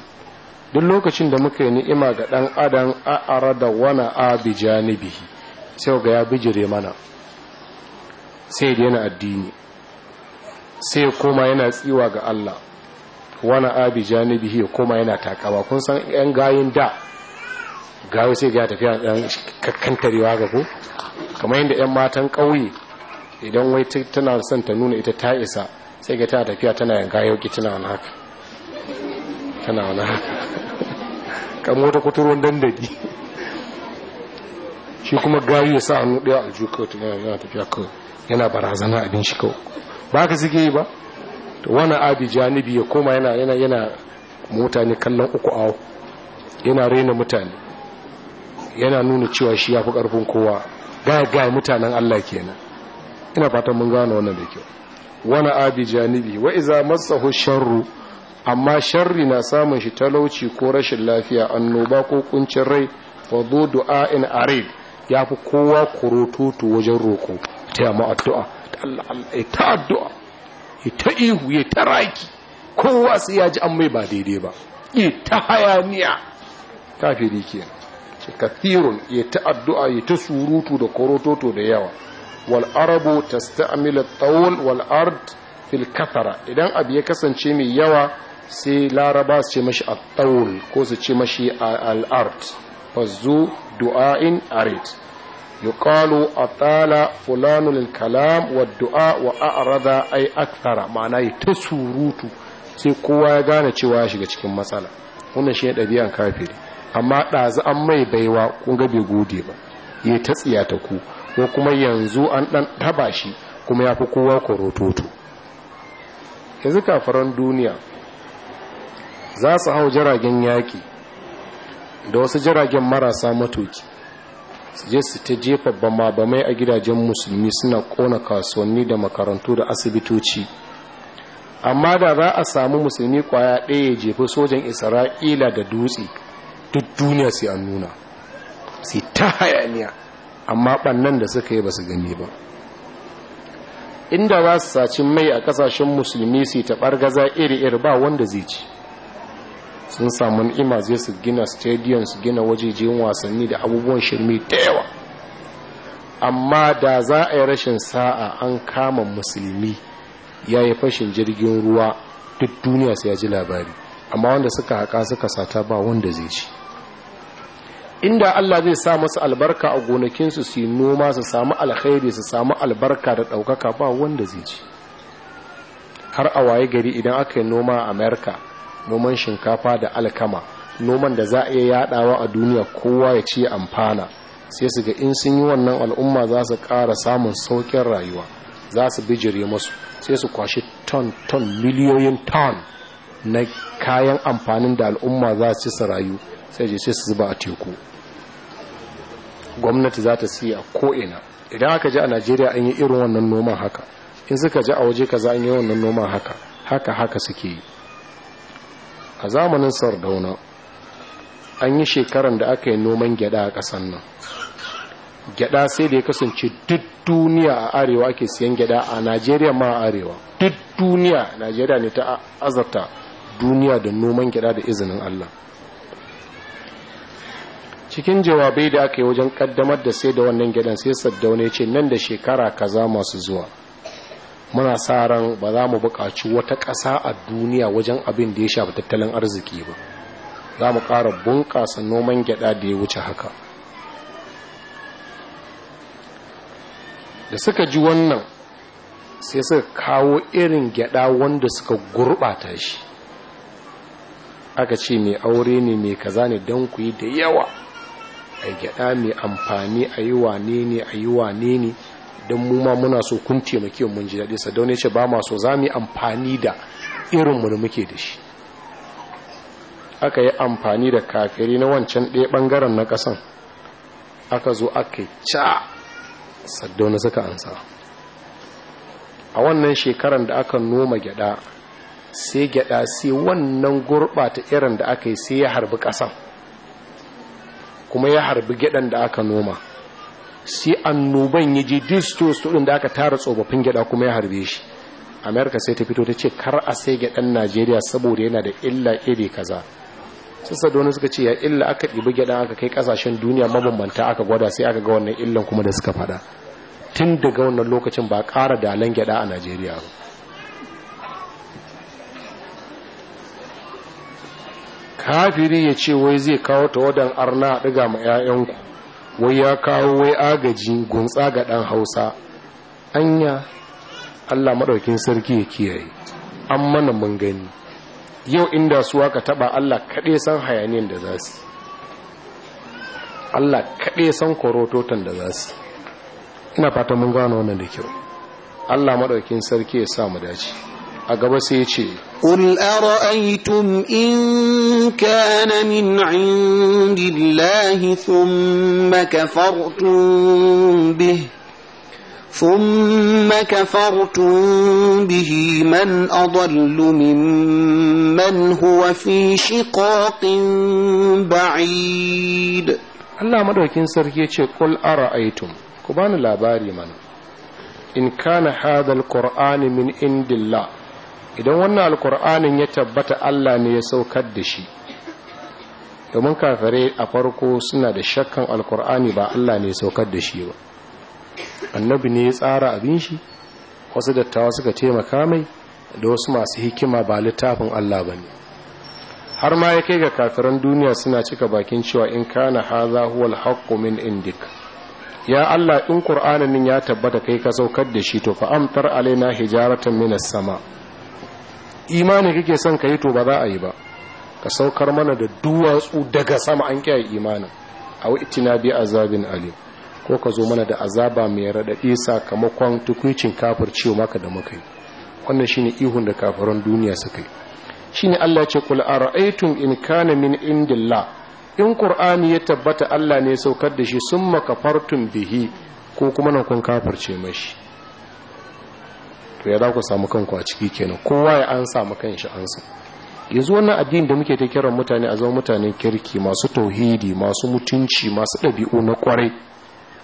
duk lokacin da muka yi ni'ima ga ɗan adam a'rada arada wani bi janibi sai ga ya bijire mana sai da yana addini sai koma yana tsiwa ga Allah wani abi janibi ya koma yana takawa kun san yan gayin da gawo sai ga tafiya ɗan kakkantarewa ga ko kamar yadda yan matan ƙauye idan wai tana son ta nuna ita ta isa sai ga ta tafiya tana yanka yauki tana tana wani haka kan wata kuturon dandali shi kuma gari ya sa hannu ɗaya a juka ta yana tafiya kawai yana barazana abin shi kawai ba ka suke yi ba wani abi janibi ya koma yana yana yana mutane kallon uku awo yana raina mutane yana nuna cewa shi ya fi ƙarfin kowa gaya gaya mutanen allah kenan ina fatan mun gane wannan da kyau wani abi janibi wa iza matsahu sharru amma sharri na samun shi talauci ko rashin lafiya annoba ko kuncin rai fa in arid ya fi kowa kurututu wajen roƙo ta yamma addu'a ta Allah Allah ya ta addu'a ya ta ihu ya ta raki kowa sai ya ji an mai ba daidai ba ya ta hayaniya kafiri kenan ce kathirun ya ta addu'a ya ta surutu da kurututu da yawa wal arabu tasta'milu at-tawl wal ard fil kathara idan abu ya kasance mai yawa sai laraba su ce mashi a tsawon ko su ce mashi a fazzu fazu du'a'in arit yuqalu atala fulanul kalam wa du'a wa a'rada ay akthara ma'ana ta surutu sai kowa ya gane cewa ya shiga cikin matsala wannan shi da ɗabi'an kafiri amma ɗazu an mai baiwa kun ga bai gode ba ya ta tsiya ta ku ko kuma yanzu an ɗan taba shi kuma ya fi kowa korototo yanzu kafaran duniya za su hau jiragen yaƙi da wasu jiragen marasa matuki je su ta jefa bama bamai a gidajen musulmi suna kona kasuwanni da makarantu da asibitoci amma da za a samu musulmi kwaya ɗaya ya jefa sojan isra'ila da dutse duk duniya sai an nuna sai ta hayaniya amma ɓannan da suka yi ba su gani ba inda za su saci mai a ƙasashen musulmi su ta ɓargaza iri-iri ba wanda zai ci sun samu ni'ima zai su gina stadium su gina wajejen wasanni da abubuwan shirme ta yawa amma da za a yi rashin sa'a an kama musulmi ya yi fashin jirgin ruwa duk duniya sai ya ji labari amma wanda suka haƙa suka sata ba wanda zai ci inda Allah zai sa masu albarka a gonakinsu su yi noma su samu alkhairi su samu albarka da ɗaukaka ba wanda zai ci har a waye gari idan aka yi noma a amerika noman shinkafa da alkama noman da za a iya yadawa a duniya kowa ya ci amfana sai su ga in sun yi wannan al'umma za su ƙara samun sauƙin rayuwa za su bijire masu sai su kwashi ton ton miliyoyin ton na kayan amfanin da al'umma za su ci su rayu sai je sai su zuba a teku gwamnati za ta siya ko'ina idan aka ji a najeriya an yi irin wannan noman haka in suka ji a waje kaza an yi wannan noman haka haka haka suke yi a zamanin sardauna an yi shekaran da aka yi noman gyada a ƙasan nan gyada sai da ya kasance duk duniya a arewa ake siyan gyada a najeriya ma a arewa duk duniya najeriya ne ta azarta duniya da noman gyada da izinin allah cikin jawabai da aka yi wajen kaddamar da sai da wannan gyadan sai saddaune ce nan da shekara kaza masu zuwa muna sa ran ba za mu buƙaci wata ƙasa a duniya wajen abin da ya shafi tattalin arziki ba za mu ƙara bunƙasa noman gyaɗa da ya wuce haka da suka ji wannan sai suka kawo irin gyaɗa wanda suka gurɓata shi aka ce mai aure ne mai kaza ne don ku yi da yawa a gyaɗa mai amfani a yi wane ne a yi wane ne don mu ma muna so kun taimaki mun ji daɗe sadau ne ce ba ma so za mu yi amfani da irinmu da muke da shi aka yi amfani da kafiri na wancan ɗaya ɓangaren na ƙasan aka zo aka yi ca sadau na suka ansa a wannan shekaran da aka noma gyaɗa sai gyaɗa sai wannan gurɓata irin da aka yi sai ya harbi ƙasan kuma ya harbi gyadan da aka noma sai annoban ya je distos din da aka tara tsofaffin gyaɗa kuma ya harbe shi amerika sai ta fito ta ce kar a sai gyaɗan najeriya saboda yana da illa iri kaza sassa da wani suka ce ya illa aka ɗibi gyaɗa aka kai ƙasashen duniya mabambanta aka gwada sai aka ga wannan illan kuma da suka faɗa tun daga wannan lokacin ba ƙara dalan gyaɗa a najeriya ba kafiri ya ce wai zai kawo tawadan arna a ɗiga ma 'ya'yanku wai ya kawo wai agaji gunsa ga ɗan hausa anya allah maɗaukin sarki ya kiyaye an mana mun gani yau inda su waka taɓa allah kaɗai san hayaniyar da za su allah kaɗai san korototan da za su ina fata mun gano wannan da kyau allah maɗaukin sarki ya sa mu dace a gaba sai ya ce قل أرأيتم إن كان من عند الله ثم كفرتم به ثم كفرتم به من أضل ممن هو في شقاق بعيد Allah madaukin sarki ya ce qul ara'aytum ku bani labari mana in kana hadha alqur'ani min indilla. idan wannan alkur'anin ya tabbata Allah ne ya saukar da shi domin kafirai a farko suna da shakkan alkur'ani ba Allah ne ya saukar da shi ba annabi ne ya tsara abin shi wasu dattawa suka taimaka mai da wasu masu hikima ba littafin Allah ba ne har ma ya kai ga kafiran duniya suna cika bakin cewa in kana haza huwal haqqu min indik ya Allah in qur'anin ya tabbata kai ka saukar da shi to fa amtar alaina hijaratan minas sama' imani kake son ka yi to ba za a yi ba ka saukar mana da duwatsu daga sama an kiyaye imanin a itina bi azabin alim ko ka zo mana da azaba mai raɗaɗi sakamakon tukuncin ciwo maka da muka yi wannan shine ihun da kafiran duniya suka yi shine Allah ce kul ara'aytum in kana min indillah in ƙur'ani ya tabbata Allah ne saukar da shi summa kafartum bihi ko kuma nan kun kafirce mashi to ya za ku samu kanku a ciki kenan kowa ya an samu kanshi an su yanzu wannan addini da muke ta kiran mutane a zama mutanen kirki masu tauhidi masu mutunci masu ɗabi'u na kwarai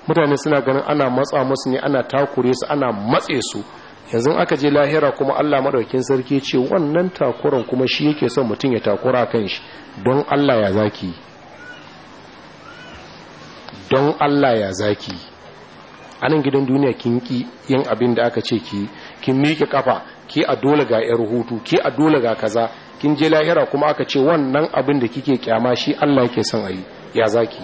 mutane suna ganin ana matsa musu ne ana takure su ana matse su yanzu aka je lahira kuma Allah madaukin sarki ce wannan takuran kuma shi yake son mutum ya takura kanshi. shi don Allah ya zaki don Allah ya zaki anan gidan duniya kin ki yin abin da aka ce ki kin miƙe kafa ki a dole ga yar hutu ki a dole ga kaza kin je lahira kuma aka ce wannan abin da kike kyama shi Allah yake son ayi ya zaki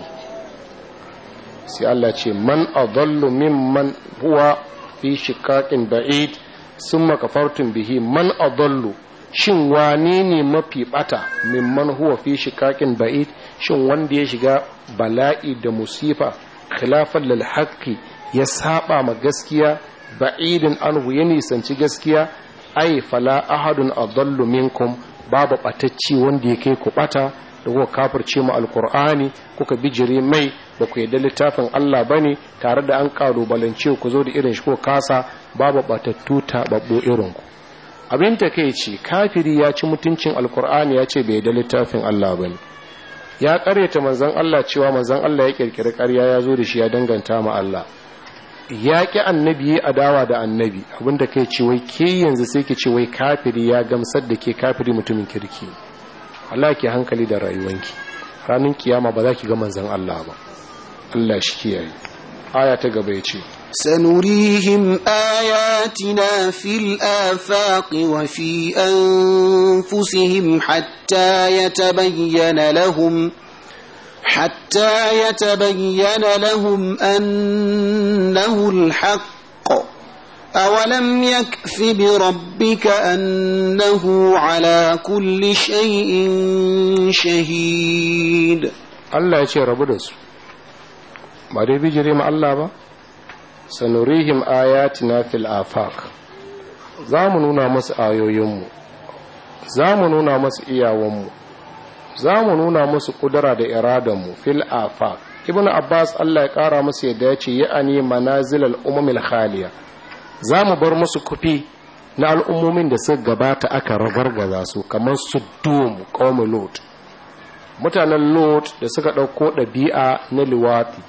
sai Allah ce man adallu mimman huwa fi shiqaqin ba'id summa kafartum bihi man adallu shin wane ne mafi bata mimman huwa fi shiqaqin ba'id shin wanda ya shiga bala'i da musifa khilafan lil haqqi ya saba ma gaskiya ba'idin anhu ya nisanci gaskiya ai fala ahadun adallu minkum babu batacci wanda yake ku bata da kuka kafirce mu alqur'ani kuka bijire mai ba ku yadda littafin Allah bane tare da an kalubalance ku zo da irin shi ko kasa babu batattu babbo irin ku abin ta kai ce kafiri ya ci mutuncin alqur'ani ya ce bai da littafin Allah bane ya karyata manzon Allah cewa manzon Allah ya kirkiri ƙarya ya zo da shi ya danganta ma Allah ya ƙi annabi ya adawa da annabi abinda kai ce wai ke yanzu sai ke ce wai kafiri ya gamsar da ke kafiri mutumin kirki Allah ke hankali da rayuwanki ranar kiyama ba za ki ga manzan Allah ba Allah shi kiyaye aya ta gaba ya ce سنريهم آياتنا في الآفاق وفي أنفسهم حتى bayyana lahum. حتى يتبين لهم أنه الحق أولم يكف بربك أنه على كل شيء شهيد الله يا شيخ ربدس ما دي بيجري مع الله با سنريهم آياتنا في الآفاق za mu nuna masu ayoyinmu za mu nuna masu iyawanmu za mu nuna musu kudura da iradanmu fil afa ibn abbas allah ya kara musu yadda ya ce ya'ani manazil al'ummin khaliya za mu bar musu kufi na al'ummomin da suka gabata aka rabar ragargaza su kamar su suddum kawai lot mutanen lot da suka ɗauko ɗabi'a na liwati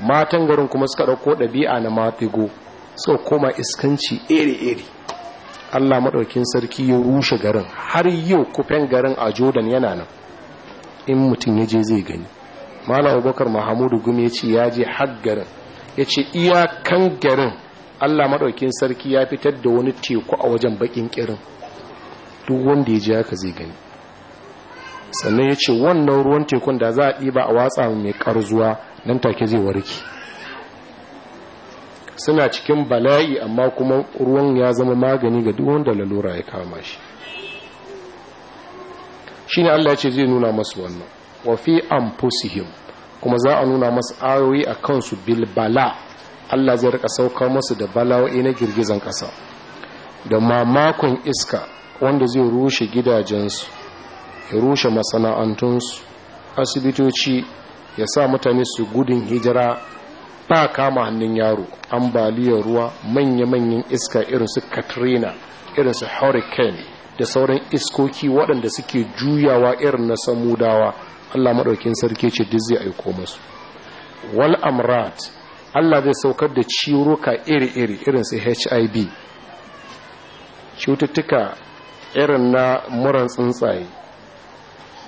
matan garin kuma suka ɗauko ɗabi'a na matigo suka koma iskanci iri-iri Allah maɗaukin sarki ya rushe garin har yau kufen garin a jordan yana nan in mutum ya je zai gani malam abubakar mahamudu gumi ya ce ya je haggarin ya ce iyakan garin allah maɗaukin sarki ya fitar da wani teku a wajen bakin kirin duk wanda ya je haka zai gani sannan ya ce wannan ruwan tekun da za a ɗiba a watsa mai ƙarzuwa nan take zai warke suna cikin bala'i amma kuma ruwan ya zama magani ga duk wanda lalura ya kama shi shine Allah ya ce zai nuna masu wannan wa fi anfusihim kuma za a nuna masu ayoyi a kansu bil bala Allah zai rika saukar masu da bala'o'i na girgizan kasa da mamakon iska wanda zai rushe gidajensu ya rushe masana'antunsu asibitoci ya sa mutane su gudun hijira ba kama hannun yaro ambaliyar ruwa manya-manyan iska irin su katrina irin su hurricane da sauran iskoki waɗanda suke juyawa irin na samudawa Allah maɗaukin sarki ce duk zai aiko masu wal amrat Allah zai saukar da ciwuruka iri-iri irin su HIV cututtuka irin na muran tsuntsaye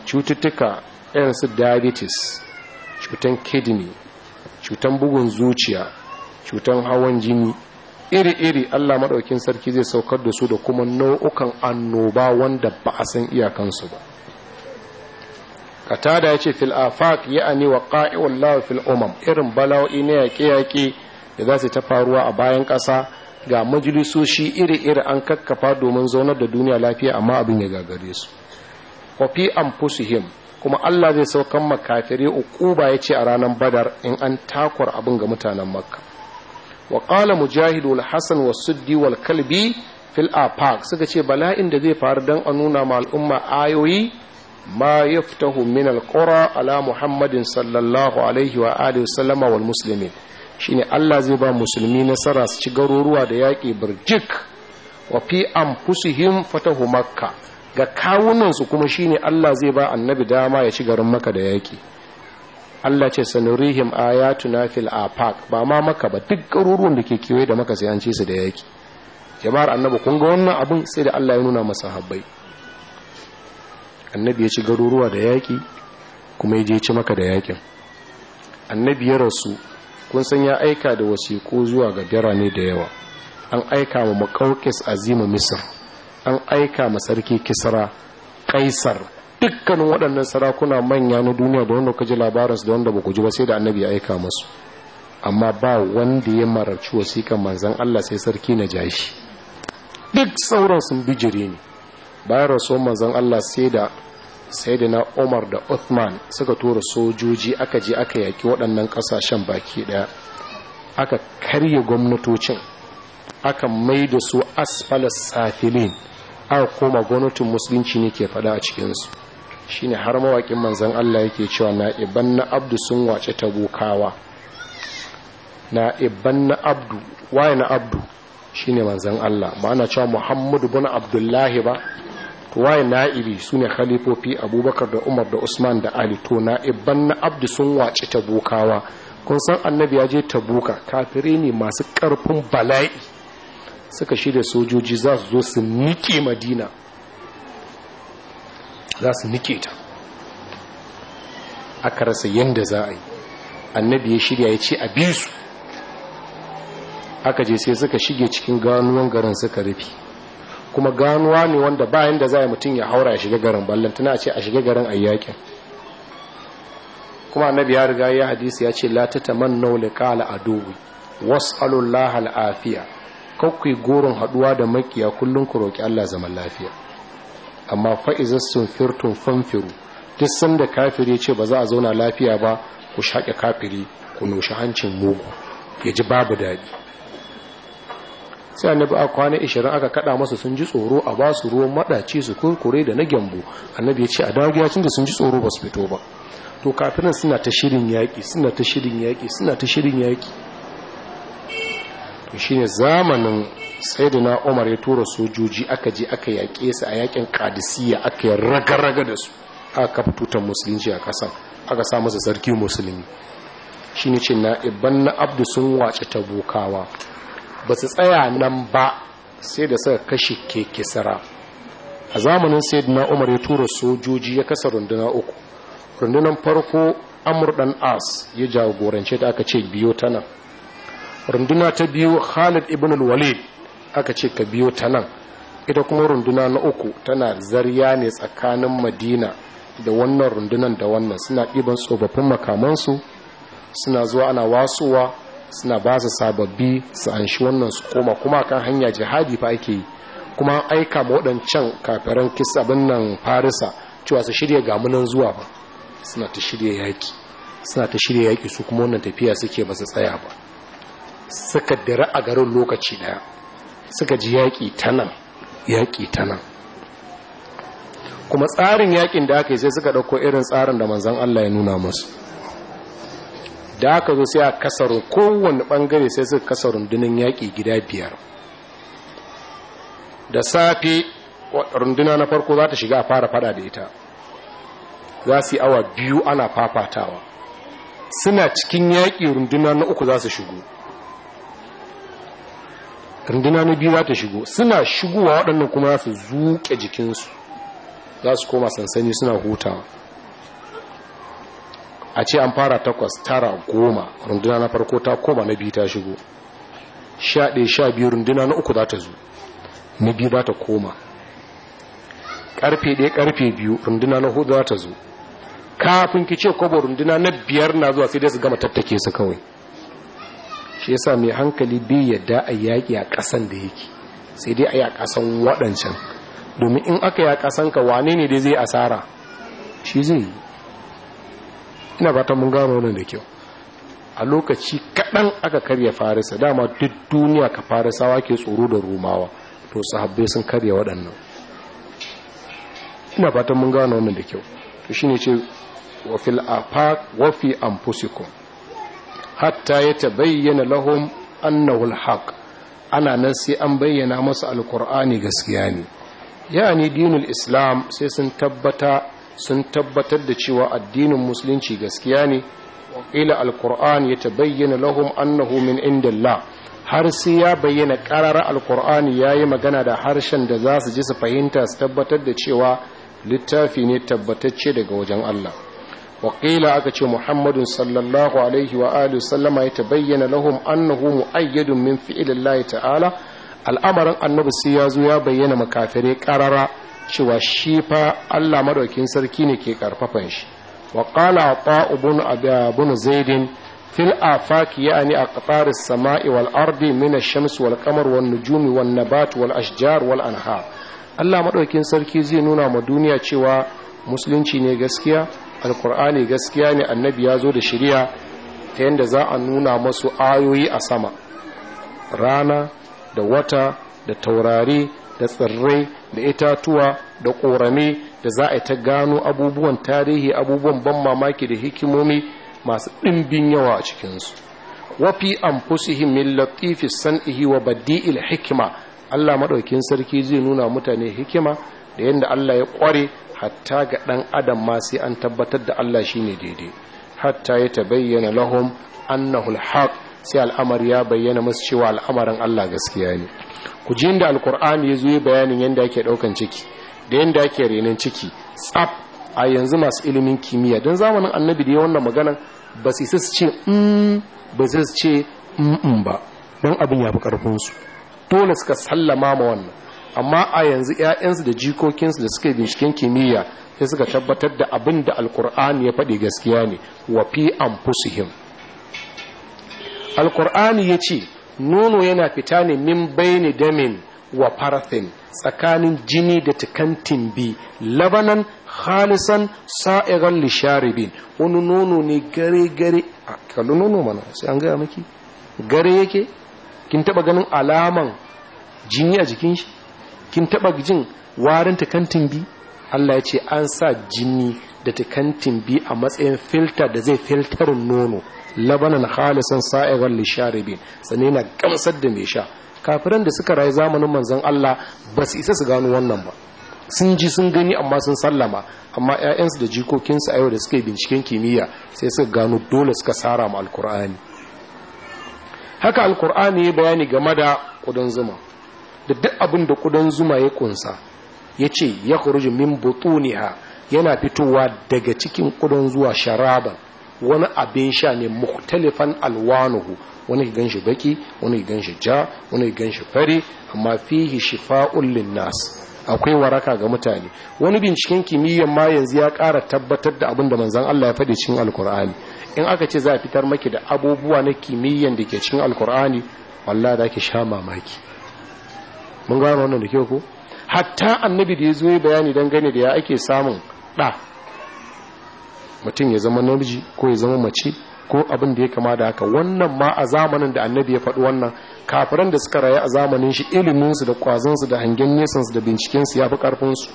cututtuka irin su diabetes cutan kidney cutan bugun zuciya cutan hawan jini iri-iri Allah maɗaukin sarki zai saukar da su da kuma nau'ukan annoba wanda ba a san iyakansu ba katada ya ce Filafak ya ani wa qa'iwal lawa fil irin bala'o'i na yaƙe-yaƙe da za su ta faruwa a bayan ƙasa ga majalisoshi iri-iri an kakkafa domin zaunar da duniya lafiya amma abin ya gagare su wa fi anfusihim kuma Allah zai saukan makafire ya ce a ranar badar in an takwar abin ga mutanen makka wa qala mujahid wal hasan kalbi fil suka ce bala'in da zai faru dan a nuna ma al'umma ayoyi ma yaftahu min al qura ala muhammadin sallallahu alaihi wa alihi wasallama wal muslimin shine Allah zai ba musulmi nasara su ci garuruwa da yaƙi birjik wa fi anfusihim fatahu makka ga kawunansu kuma shine Allah zai ba annabi dama ya ci garin maka da yaƙi Allah ce sanurihim ayatuna fil afaq ba ma maka ba duk garuruwan da ke kewaye da maka sai an ce su da yaki jama'ar annabi kun ga wannan abin sai da Allah ya nuna masa habbai annabi ya ci garuruwa da yaki kuma ya je ci maka da yakin annabi ya rasu kun san ya aika da wasiƙo zuwa ga birane da yawa an aika ma makaukis azima misir an aika ma sarki kisra kaisar dukkanin waɗannan sarakuna manya na duniya da wanda kaji labaras labaransu da wanda ba ku ji ba sai da annabi ya aika musu amma ba wanda ya mararci wasiƙan manzon Allah sai sarki na jashi duk sauran sun bijire ne bayan rasuwan manzon Allah sai da sai da na Umar da Uthman suka tura sojoji aka je aka yaki waɗannan ƙasashen baki ɗaya aka karya gwamnatocin aka mai da su asfalas safilin aka koma gwamnatin musulunci ne ke faɗa a cikinsu shine har mawaƙin manzan Allah yake cewa na iban na abdu sun wace tabukawa na iban na abdu waye na abdu shine manzan Allah ba ana cewa Muhammadu bin Abdullahi ba to waye na'ibi sune khalifofi Abubakar da Umar da Usman da Ali to na iban na abdu sun wace ta tabukawa kun san annabi ya je tabuka kafire ne masu karfin bala'i suka shirya sojoji za su zo su nike madina za su nike ta aka rasa yadda za a yi annabi ya shirya ya ce a bi su aka je sai suka shige cikin ganuwan garin suka rufe kuma ganuwa ne wanda bayan da za a mutum ya haura ya shiga garin ballon a ce a shiga garin a yakin kuma annabi ya riga ya hadisi ya ce la ta tamannau liqala aduwi was'alullaha al'afiya kawai goron haduwa da makiya kullum ku roƙi Allah zaman lafiya amma fa'izassun firtun fanfiru duk sanda kafiri ya ce ba za a zauna lafiya ba ku shaƙe kafiri ku noshi hancin mugu ya ji babu daɗi sai annabi a kwana 20 aka kada masa sun ji tsoro a ba su ruwan maɗaci su kurkure da na gyambo annabi ya ce a dagiya cin da sun ji tsoro ba su fito ba to kafinan suna ta shirin yaƙi suna ta shirin yaƙi suna ta shirin yaƙi shine zamanin sayyidina Umar ya tura sojoji aka je aka yaƙe su a yaƙin kadisiya aka yi raga-raga da su aka kafa tutar musulunci a ƙasar aka sa masa sarki musulmi shine ce na abdu sun wace ta bukawa ba su tsaya nan ba sai da suka kashe keke sara a zamanin sayyidina Umar ya tura sojoji ya kasa runduna uku rundunar farko Amurdan dan As ya jagorance da aka ce biyo ta nan runduna ta biyu khalid ibn walid aka ce ka biyo ta nan ita kuma runduna na uku tana zarya ne tsakanin madina da wannan rundunan da wannan suna ɗiban tsofaffin makamansu suna zuwa ana wasuwa suna ba su sababbi su anshi wannan su koma kuma kan hanya jihadi fa ake yi kuma an aika ma waɗancan kafiran kisa nan farisa cewa su shirya gamunan zuwa ba suna ta shirya yaƙi suna ta shirya yaƙi su kuma wannan tafiya suke ba su tsaya ba suka dira a garin lokaci daya suka ji yaƙi ta nan yaƙi ta nan kuma tsarin yaƙin da aka yi sai suka ɗauko irin tsarin da manzan Allah ya nuna musu da aka zo sai a kasarun kowane ɓangare sai suka kasa dunin yaƙi gida biyar da safe runduna na farko za ta shiga a fara fada da ita za su yi awa biyu ana fafatawa suna cikin yaƙi runduna na uku za su shigo runduna na biyu za ta shigo suna shigowa waɗannan kuma su zuke jikinsu za su koma sansani suna hutawa a ce an fara takwas tara goma runduna na farko ta koma na biyu ta shigo sha ɗaya sha biyu runduna na uku za ta zo na biyu za ta koma ƙarfe ɗaya ƙarfe biyu runduna na hudu za ta zo kafin ki ce kwabo runduna na biyar na zuwa sai dai su gama tattake su kawai shi yasa mai hankali bi yadda a yaƙi a ƙasan da yake sai dai a yi a ƙasan waɗancan domin in aka yi a ƙasan ka wane ne dai zai asara shi zai yi ina fatan mun gano wannan da kyau a lokaci kaɗan aka karya farisa dama duk duniya ka farisawa ke tsoro da rumawa to sahabbai sun karya waɗannan ina fatan mun gano wannan da kyau to shi ne ce wafi amfusikon hatta ya tabayyana lahum annahu alhaq ana nan sai an bayyana masa alqur'ani gaskiya ne yani dinul islam sai sun tabbata sun tabbatar da cewa addinin musulunci gaskiya ne wakila alqur'an ya tabayyana lahum annahu min indillah har sai ya bayyana ƙarar alkur'ani ya yi magana da harshen da za su ji su fahimta su tabbatar da cewa littafi ne tabbatacce daga wajen Allah waƙila aka ce muhammadun sallallahu alaihi wa alihi sallama ya tabayyana lahum annahu mu'ayyadun min fi'ilillahi ta'ala al'amarin annabi sai ya zo ya bayyana makafire karara cewa shi fa Allah maɗaukin sarki ne ke karfafan shi wa qala ta'ubun abun zaidin fil afaq yani a as-sama'i wal ardi mina shamsu shams wal qamar wan nujumi wan nabat wal ashjar wal Allah maɗaukin sarki zai nuna ma duniya cewa musulunci ne gaskiya alkur'ani gaskiya ne annabi ya zo da shirya ta yadda za a nuna masu ayoyi a sama rana da wata da taurari da tsirrai da itatuwa da ƙorame da za a ta gano abubuwan tarihi abubuwan ban mamaki da hikimomi masu ɗimbin yawa a cikinsu wafi an fusihi min latifi san'ihi wa badi'il hikima allah maɗaukin sarki zai nuna mutane hikima da yadda allah ya ƙware hatta ga ɗan adam ma sai an tabbatar da Allah shine daidai hatta ya tabayyana lahum annahul alhaq sai al'amar ya bayyana musu cewa al'amarin Allah gaskiya ne ku ji inda alqur'ani ya zo bayanin yanda yake daukan ciki da yanda yake renin ciki tsaf a yanzu masu ilimin kimiyya dan zamanin annabi da ya wannan magana ba su isa su ce mm ba su ce mm ba don abin ya fi karfin su dole suka sallama ma wannan amma a yanzu 'ya'yansu da jikokinsu da suke binciken kimiyya sai suka tabbatar da abin da alkur'ani ya faɗi gaskiya ne wa fi anfusihim alkur'ani ya ce nono yana fita ne min baini damin wa farafin tsakanin jini da tukantin bi labanan halisan sa'iran lisharibin wani nono ne gare gare a kallon nono mana sai an gaya maki gare yake kin taba ganin alaman jini a jikin shi kin taba jin warin takantin bi Allah ya ce an sa jini da takantin bi a matsayin filter da zai filter nono labanan khalisan sa'igar lisharibin Sani na gamsar da mai sha kafiran da suka rayu zamanin manzon Allah ba su isa su gano wannan ba sun ji sun gani amma sun sallama amma 'ya'yansu da jikokinsu a yau da suka binciken kimiyya sai suka gano dole suka sara ma alkur'ani haka alkur'ani bayani game da ƙudan zuma da duk abin da kudan zuma ya kunsa ya ce ya kuruji min butuniha yana fitowa daga cikin kudan zuwa sharaban wani abin sha ne muktalifan alwanuhu wani gan shi baki wani gan shi ja wani gan shi fari amma fihi shifa'un linnas akwai waraka ga mutane wani binciken kimiyyar ma yanzu ya ƙara tabbatar da abin da manzon Allah ya faɗi cikin alkur'ani in aka ce za a fitar maki da abubuwa na kimiyyar da ke cikin alkur'ani wallah da ke sha mamaki mun gano wannan da kyau ko hatta annabi da ya zo bayani gane da ya ake samun ɗa mutum ya zama namiji ko ya zama mace ko abin da ya kama da haka wannan ma a zamanin da annabi ya faɗi wannan kafiran da suka rayu a zamanin shi iliminsu da su da hangen nesansu da bincikensu ya fi ƙarfinsu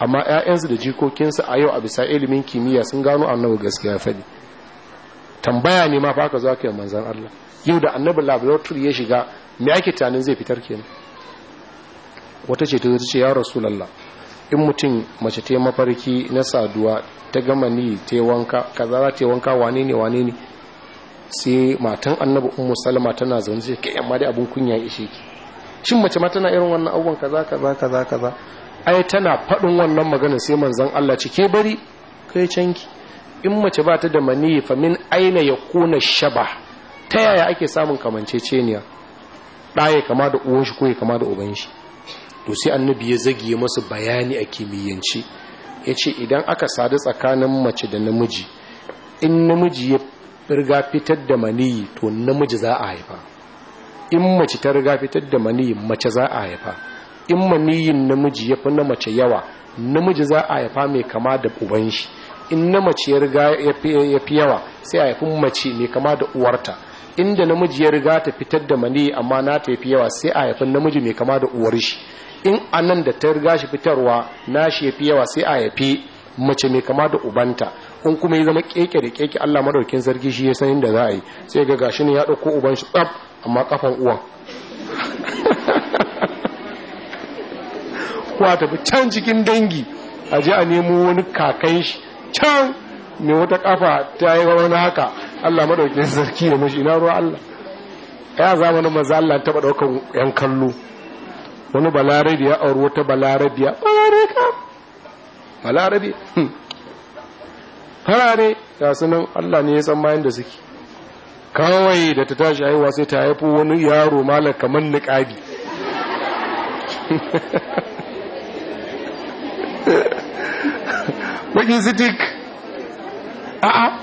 amma 'ya'yansu da jikokinsu a yau a bisa ilimin kimiyya sun gano annabi gaskiya faɗi tambaya ne ma fa aka zo aka yi manzan Allah yau da annabi laboratory ya shiga me ake tunanin zai fitar kenan wata ce ta ta ce ya rasu lalla in mutum mace ta mafarki na saduwa ta gama ni ta wanka kaza za ta wanka wane ne wane ne sai matan annabi ummu salama tana zaune sai ka amma dai abin kunya ishe ki shin mace ma tana irin wannan abubuwan kaza kaza kaza kaza ai tana faɗin wannan magana sai manzon Allah ce ke bari kai canki in mace ba ta da mani fa min aina ya kuna shaba ta yaya ake samun kamanceceniya ɗaya kama da uwan ko ya kama da uban to sai annabi ya zage masu bayani a kimiyyance ya ce idan aka sadu tsakanin mace da namiji in namiji ya riga fitar da maniyi to namiji za a haifa in mace ta riga fitar da maniyi mace za a haifa in maniyin namiji ya fi na mace yawa namiji za a haifa mai kama da uban shi in na mace ya riga ya fi yawa sai a haifin mace mai kama da uwarta inda namiji ya riga ta fitar da maniyi amma na ta fi yawa sai a haifin namiji mai kama da uwar shi in anan da ta riga shi fitarwa na shi yawa sai a yafi mace mai kama da ubanta in kuma ya zama keke da keke Allah madaukin sarki shi ya san inda za a yi sai ga gashi ne ya dauko uban shi tsaf amma kafan uwan kwa bi can cikin dangi a ji a nemo wani kakan shi can mai wata kafa ta yi wani haka Allah madaukin sarki ya mashi ina ruwa Allah ya zamanin maza Allah taba ɗaukar 'yan kallo wani balarabi ya auri wata balarabi ya balare ka balarabi harare hmm. ga sunan Allah ne ya san bayan da suke kawai da ta tashi haihuwa sai ta haifu wani yaro malar kamar niƙabi baƙin sitik a'a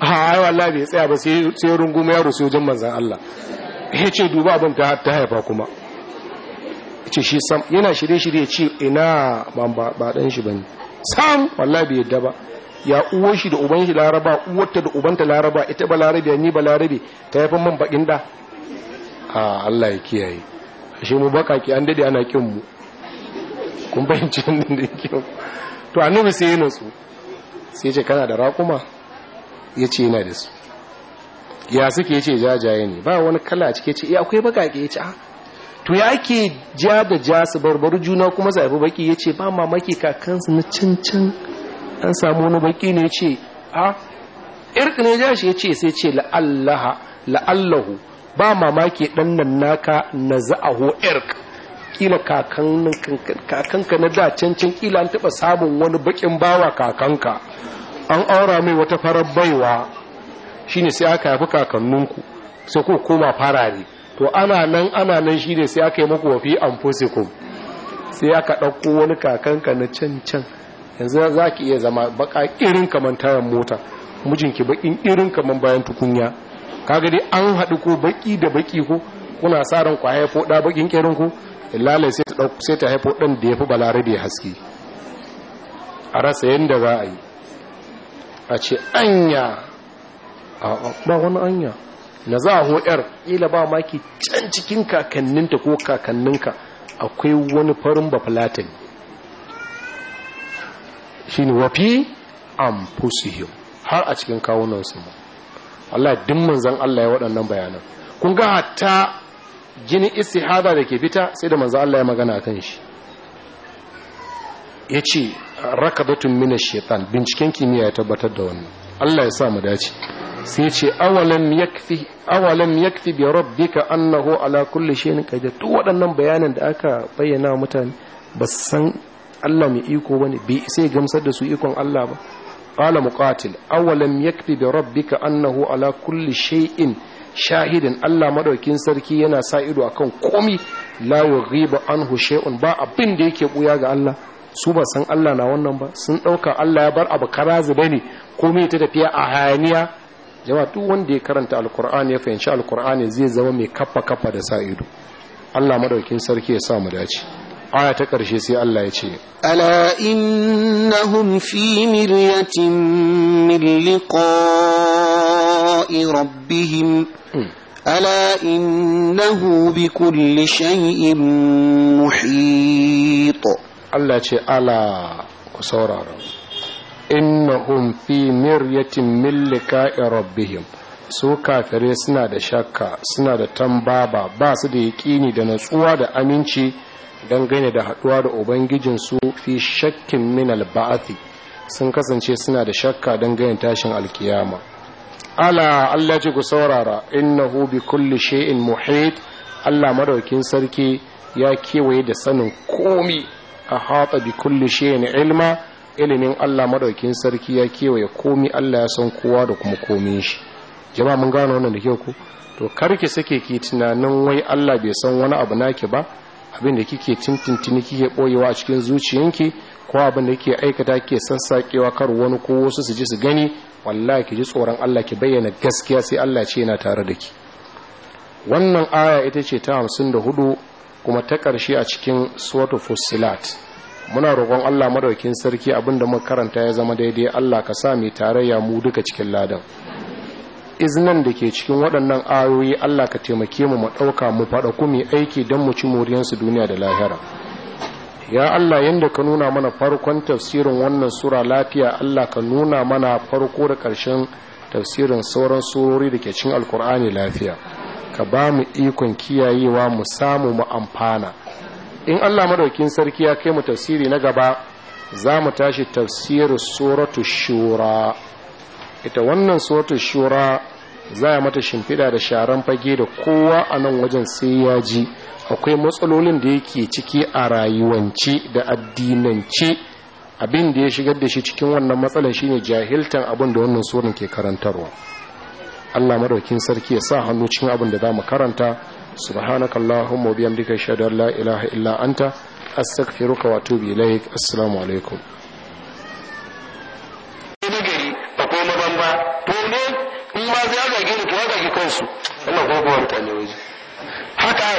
a Allah bai tsaya ba sai rungume yaro sai wajen manzan Allah ya ce duba abin ta haifa kuma ce shi sam yana shirye-shirye ce ina ba dan shi ba sam wallahi bai yadda ba ya uwar shi da uban shi laraba uwarta da ubanta laraba ita ba larabe ni ba larabe ta yafi man bakin da a Allah ya kiyaye shi mu ki? an dade ana kin mu kun bayyance nan da yake to annabi sai ya nutsu sai ce kana da raƙuma yace yana da su ya suke yace jajaye ne ba wani kala cike ce eh akwai bakake yace a ah, to ya ke ja da ja su barbaru juna kuma a haifi baki ya ce ba mamaki kakansu na cancan an samu wani baki ne ce a irka ne ja shi ya ce sai ce la'allahu ba mamaki dan nan naka na ho irk kila kakanka na da cancan kila an taɓa samun wani bakin bawa kakanka an aura mai wata farar baiwa shine sai aka yafi kakanninku sai ko koma farare to ana nan ana nan shi ne sai aka yi maku wafi an ku sai aka ɗauko wani kakanka na can can yanzu za ki iya zama baka irin kamar tarin mota mijinki bakin irin kamar bayan tukunya kaga dai an haɗu ko baki da baki ko kuna sa ran ku haifo da bakin kirin ku lalai sai ta dauko sai ta haifo ɗan da da ya haske a rasa yadda za a yi a ce anya a ba wani anya na za a ho'yar ƙila ba maki can cikin kakanninta ko kakanninka akwai wani farin bafulatin shi ne wafi amfusihim har a cikin kawunansu ma Allah dimmin zan Allah ya waɗannan bayanan kun ga hatta jini hada da ke fita sai da manzan Allah ya magana kan shi ya ce rakabatun mina shetan, binciken kimiyya ya tabbatar da wannan Allah ya sa mu dace sai ce awalan yakfi bi rabbika annahu ala kulli shay'in qadir duk waɗannan bayanan da aka bayyana wa mutane ba san Allah mai iko bane bai sai gamsar da su ikon Allah ba qala muqatil awalan yakfi bi rabbika annahu ala kulli shay'in shahidin Allah madaukin sarki yana sa ido akan komi la yughiba anhu shay'un ba abin da yake buya ga Allah su ba san Allah na wannan ba sun dauka Allah ya bar abu karazu bane komai ta tafiya a hayaniya jama'a duk wanda ya karanta alkur'ani ya fahimci alkur'ani zai zama mai kafa kafa da sa ido Allah madaukin sarki ya sa mu dace aya ta karshe sai Allah ya ce ala innahum fi miryatin min liqa'i rabbihim hmm. ala innahu bikulli shay'in muhit Allah ce ala ku saurara innahum fi miryatin min rabbihim su kafire suna da shakka suna da tambaba ba su da yaƙini da natsuwa da aminci dangane da haɗuwa da ubangijinsu fi shakkin min alba'athi sun kasance suna da shakka dangane tashin alkiyama ala Allah ji ku saurara innahu bi kulli shay'in muhit Allah madaukin sarki ya kewaye da sanin komi a hata bi kulli shay'in ilma ilimin Allah madaukin sarki ya kewaye komi Allah ya san kowa da kuma komin shi jama mun gano wannan da kyau ku to karki sake ki tunanin wai Allah bai san wani abu naki ba abin da kike tintintini kike boyewa a cikin zuciyanki ko abin da kike aikata kike sassakewa kar wani ko wasu su ji su gani wallahi ki ji tsoron Allah ki bayyana gaskiya sai Allah ce yana tare da ki wannan aya ita ce ta 54 kuma ta ƙarshe a cikin suratul fussilat muna roƙon Allah madaukin sarki abinda muka karanta ya zama daidai Allah ka sa mu tarayya mu duka cikin ladan iznan da ke cikin waɗannan ayoyi Allah ka taimake mu mu ɗauka mu faɗa ku aiki dan mu ci moriyansu duniya da lahira ya Allah yadda ka nuna mana farkon tafsirin wannan sura lafiya Allah ka nuna mana farko da ƙarshen tafsirin sauran surori da ke cin alkur'ani lafiya ka ba mu ikon kiyayewa mu samu mu amfana in Allah madaukin sarki ya kai mu tafsiri na gaba za mu tashi tafsirin suratu shura ita wannan suratu shura za a mata shimfiɗa da sharan fage da kowa a nan wajen sai ya ji akwai matsalolin da yake ciki a rayuwanci da addinance abin da ya shigar da shi cikin wannan matsalar shine jahiltan abin da wannan surin ke karantarwa Allah madaukin sarki ya sa hannu cikin abin da za mu karanta subhanakallahumma wa bihamdika ashhadu an la ilaha illa anta astaghfiruka wa atubu ilaik assalamu alaikum to kansu haka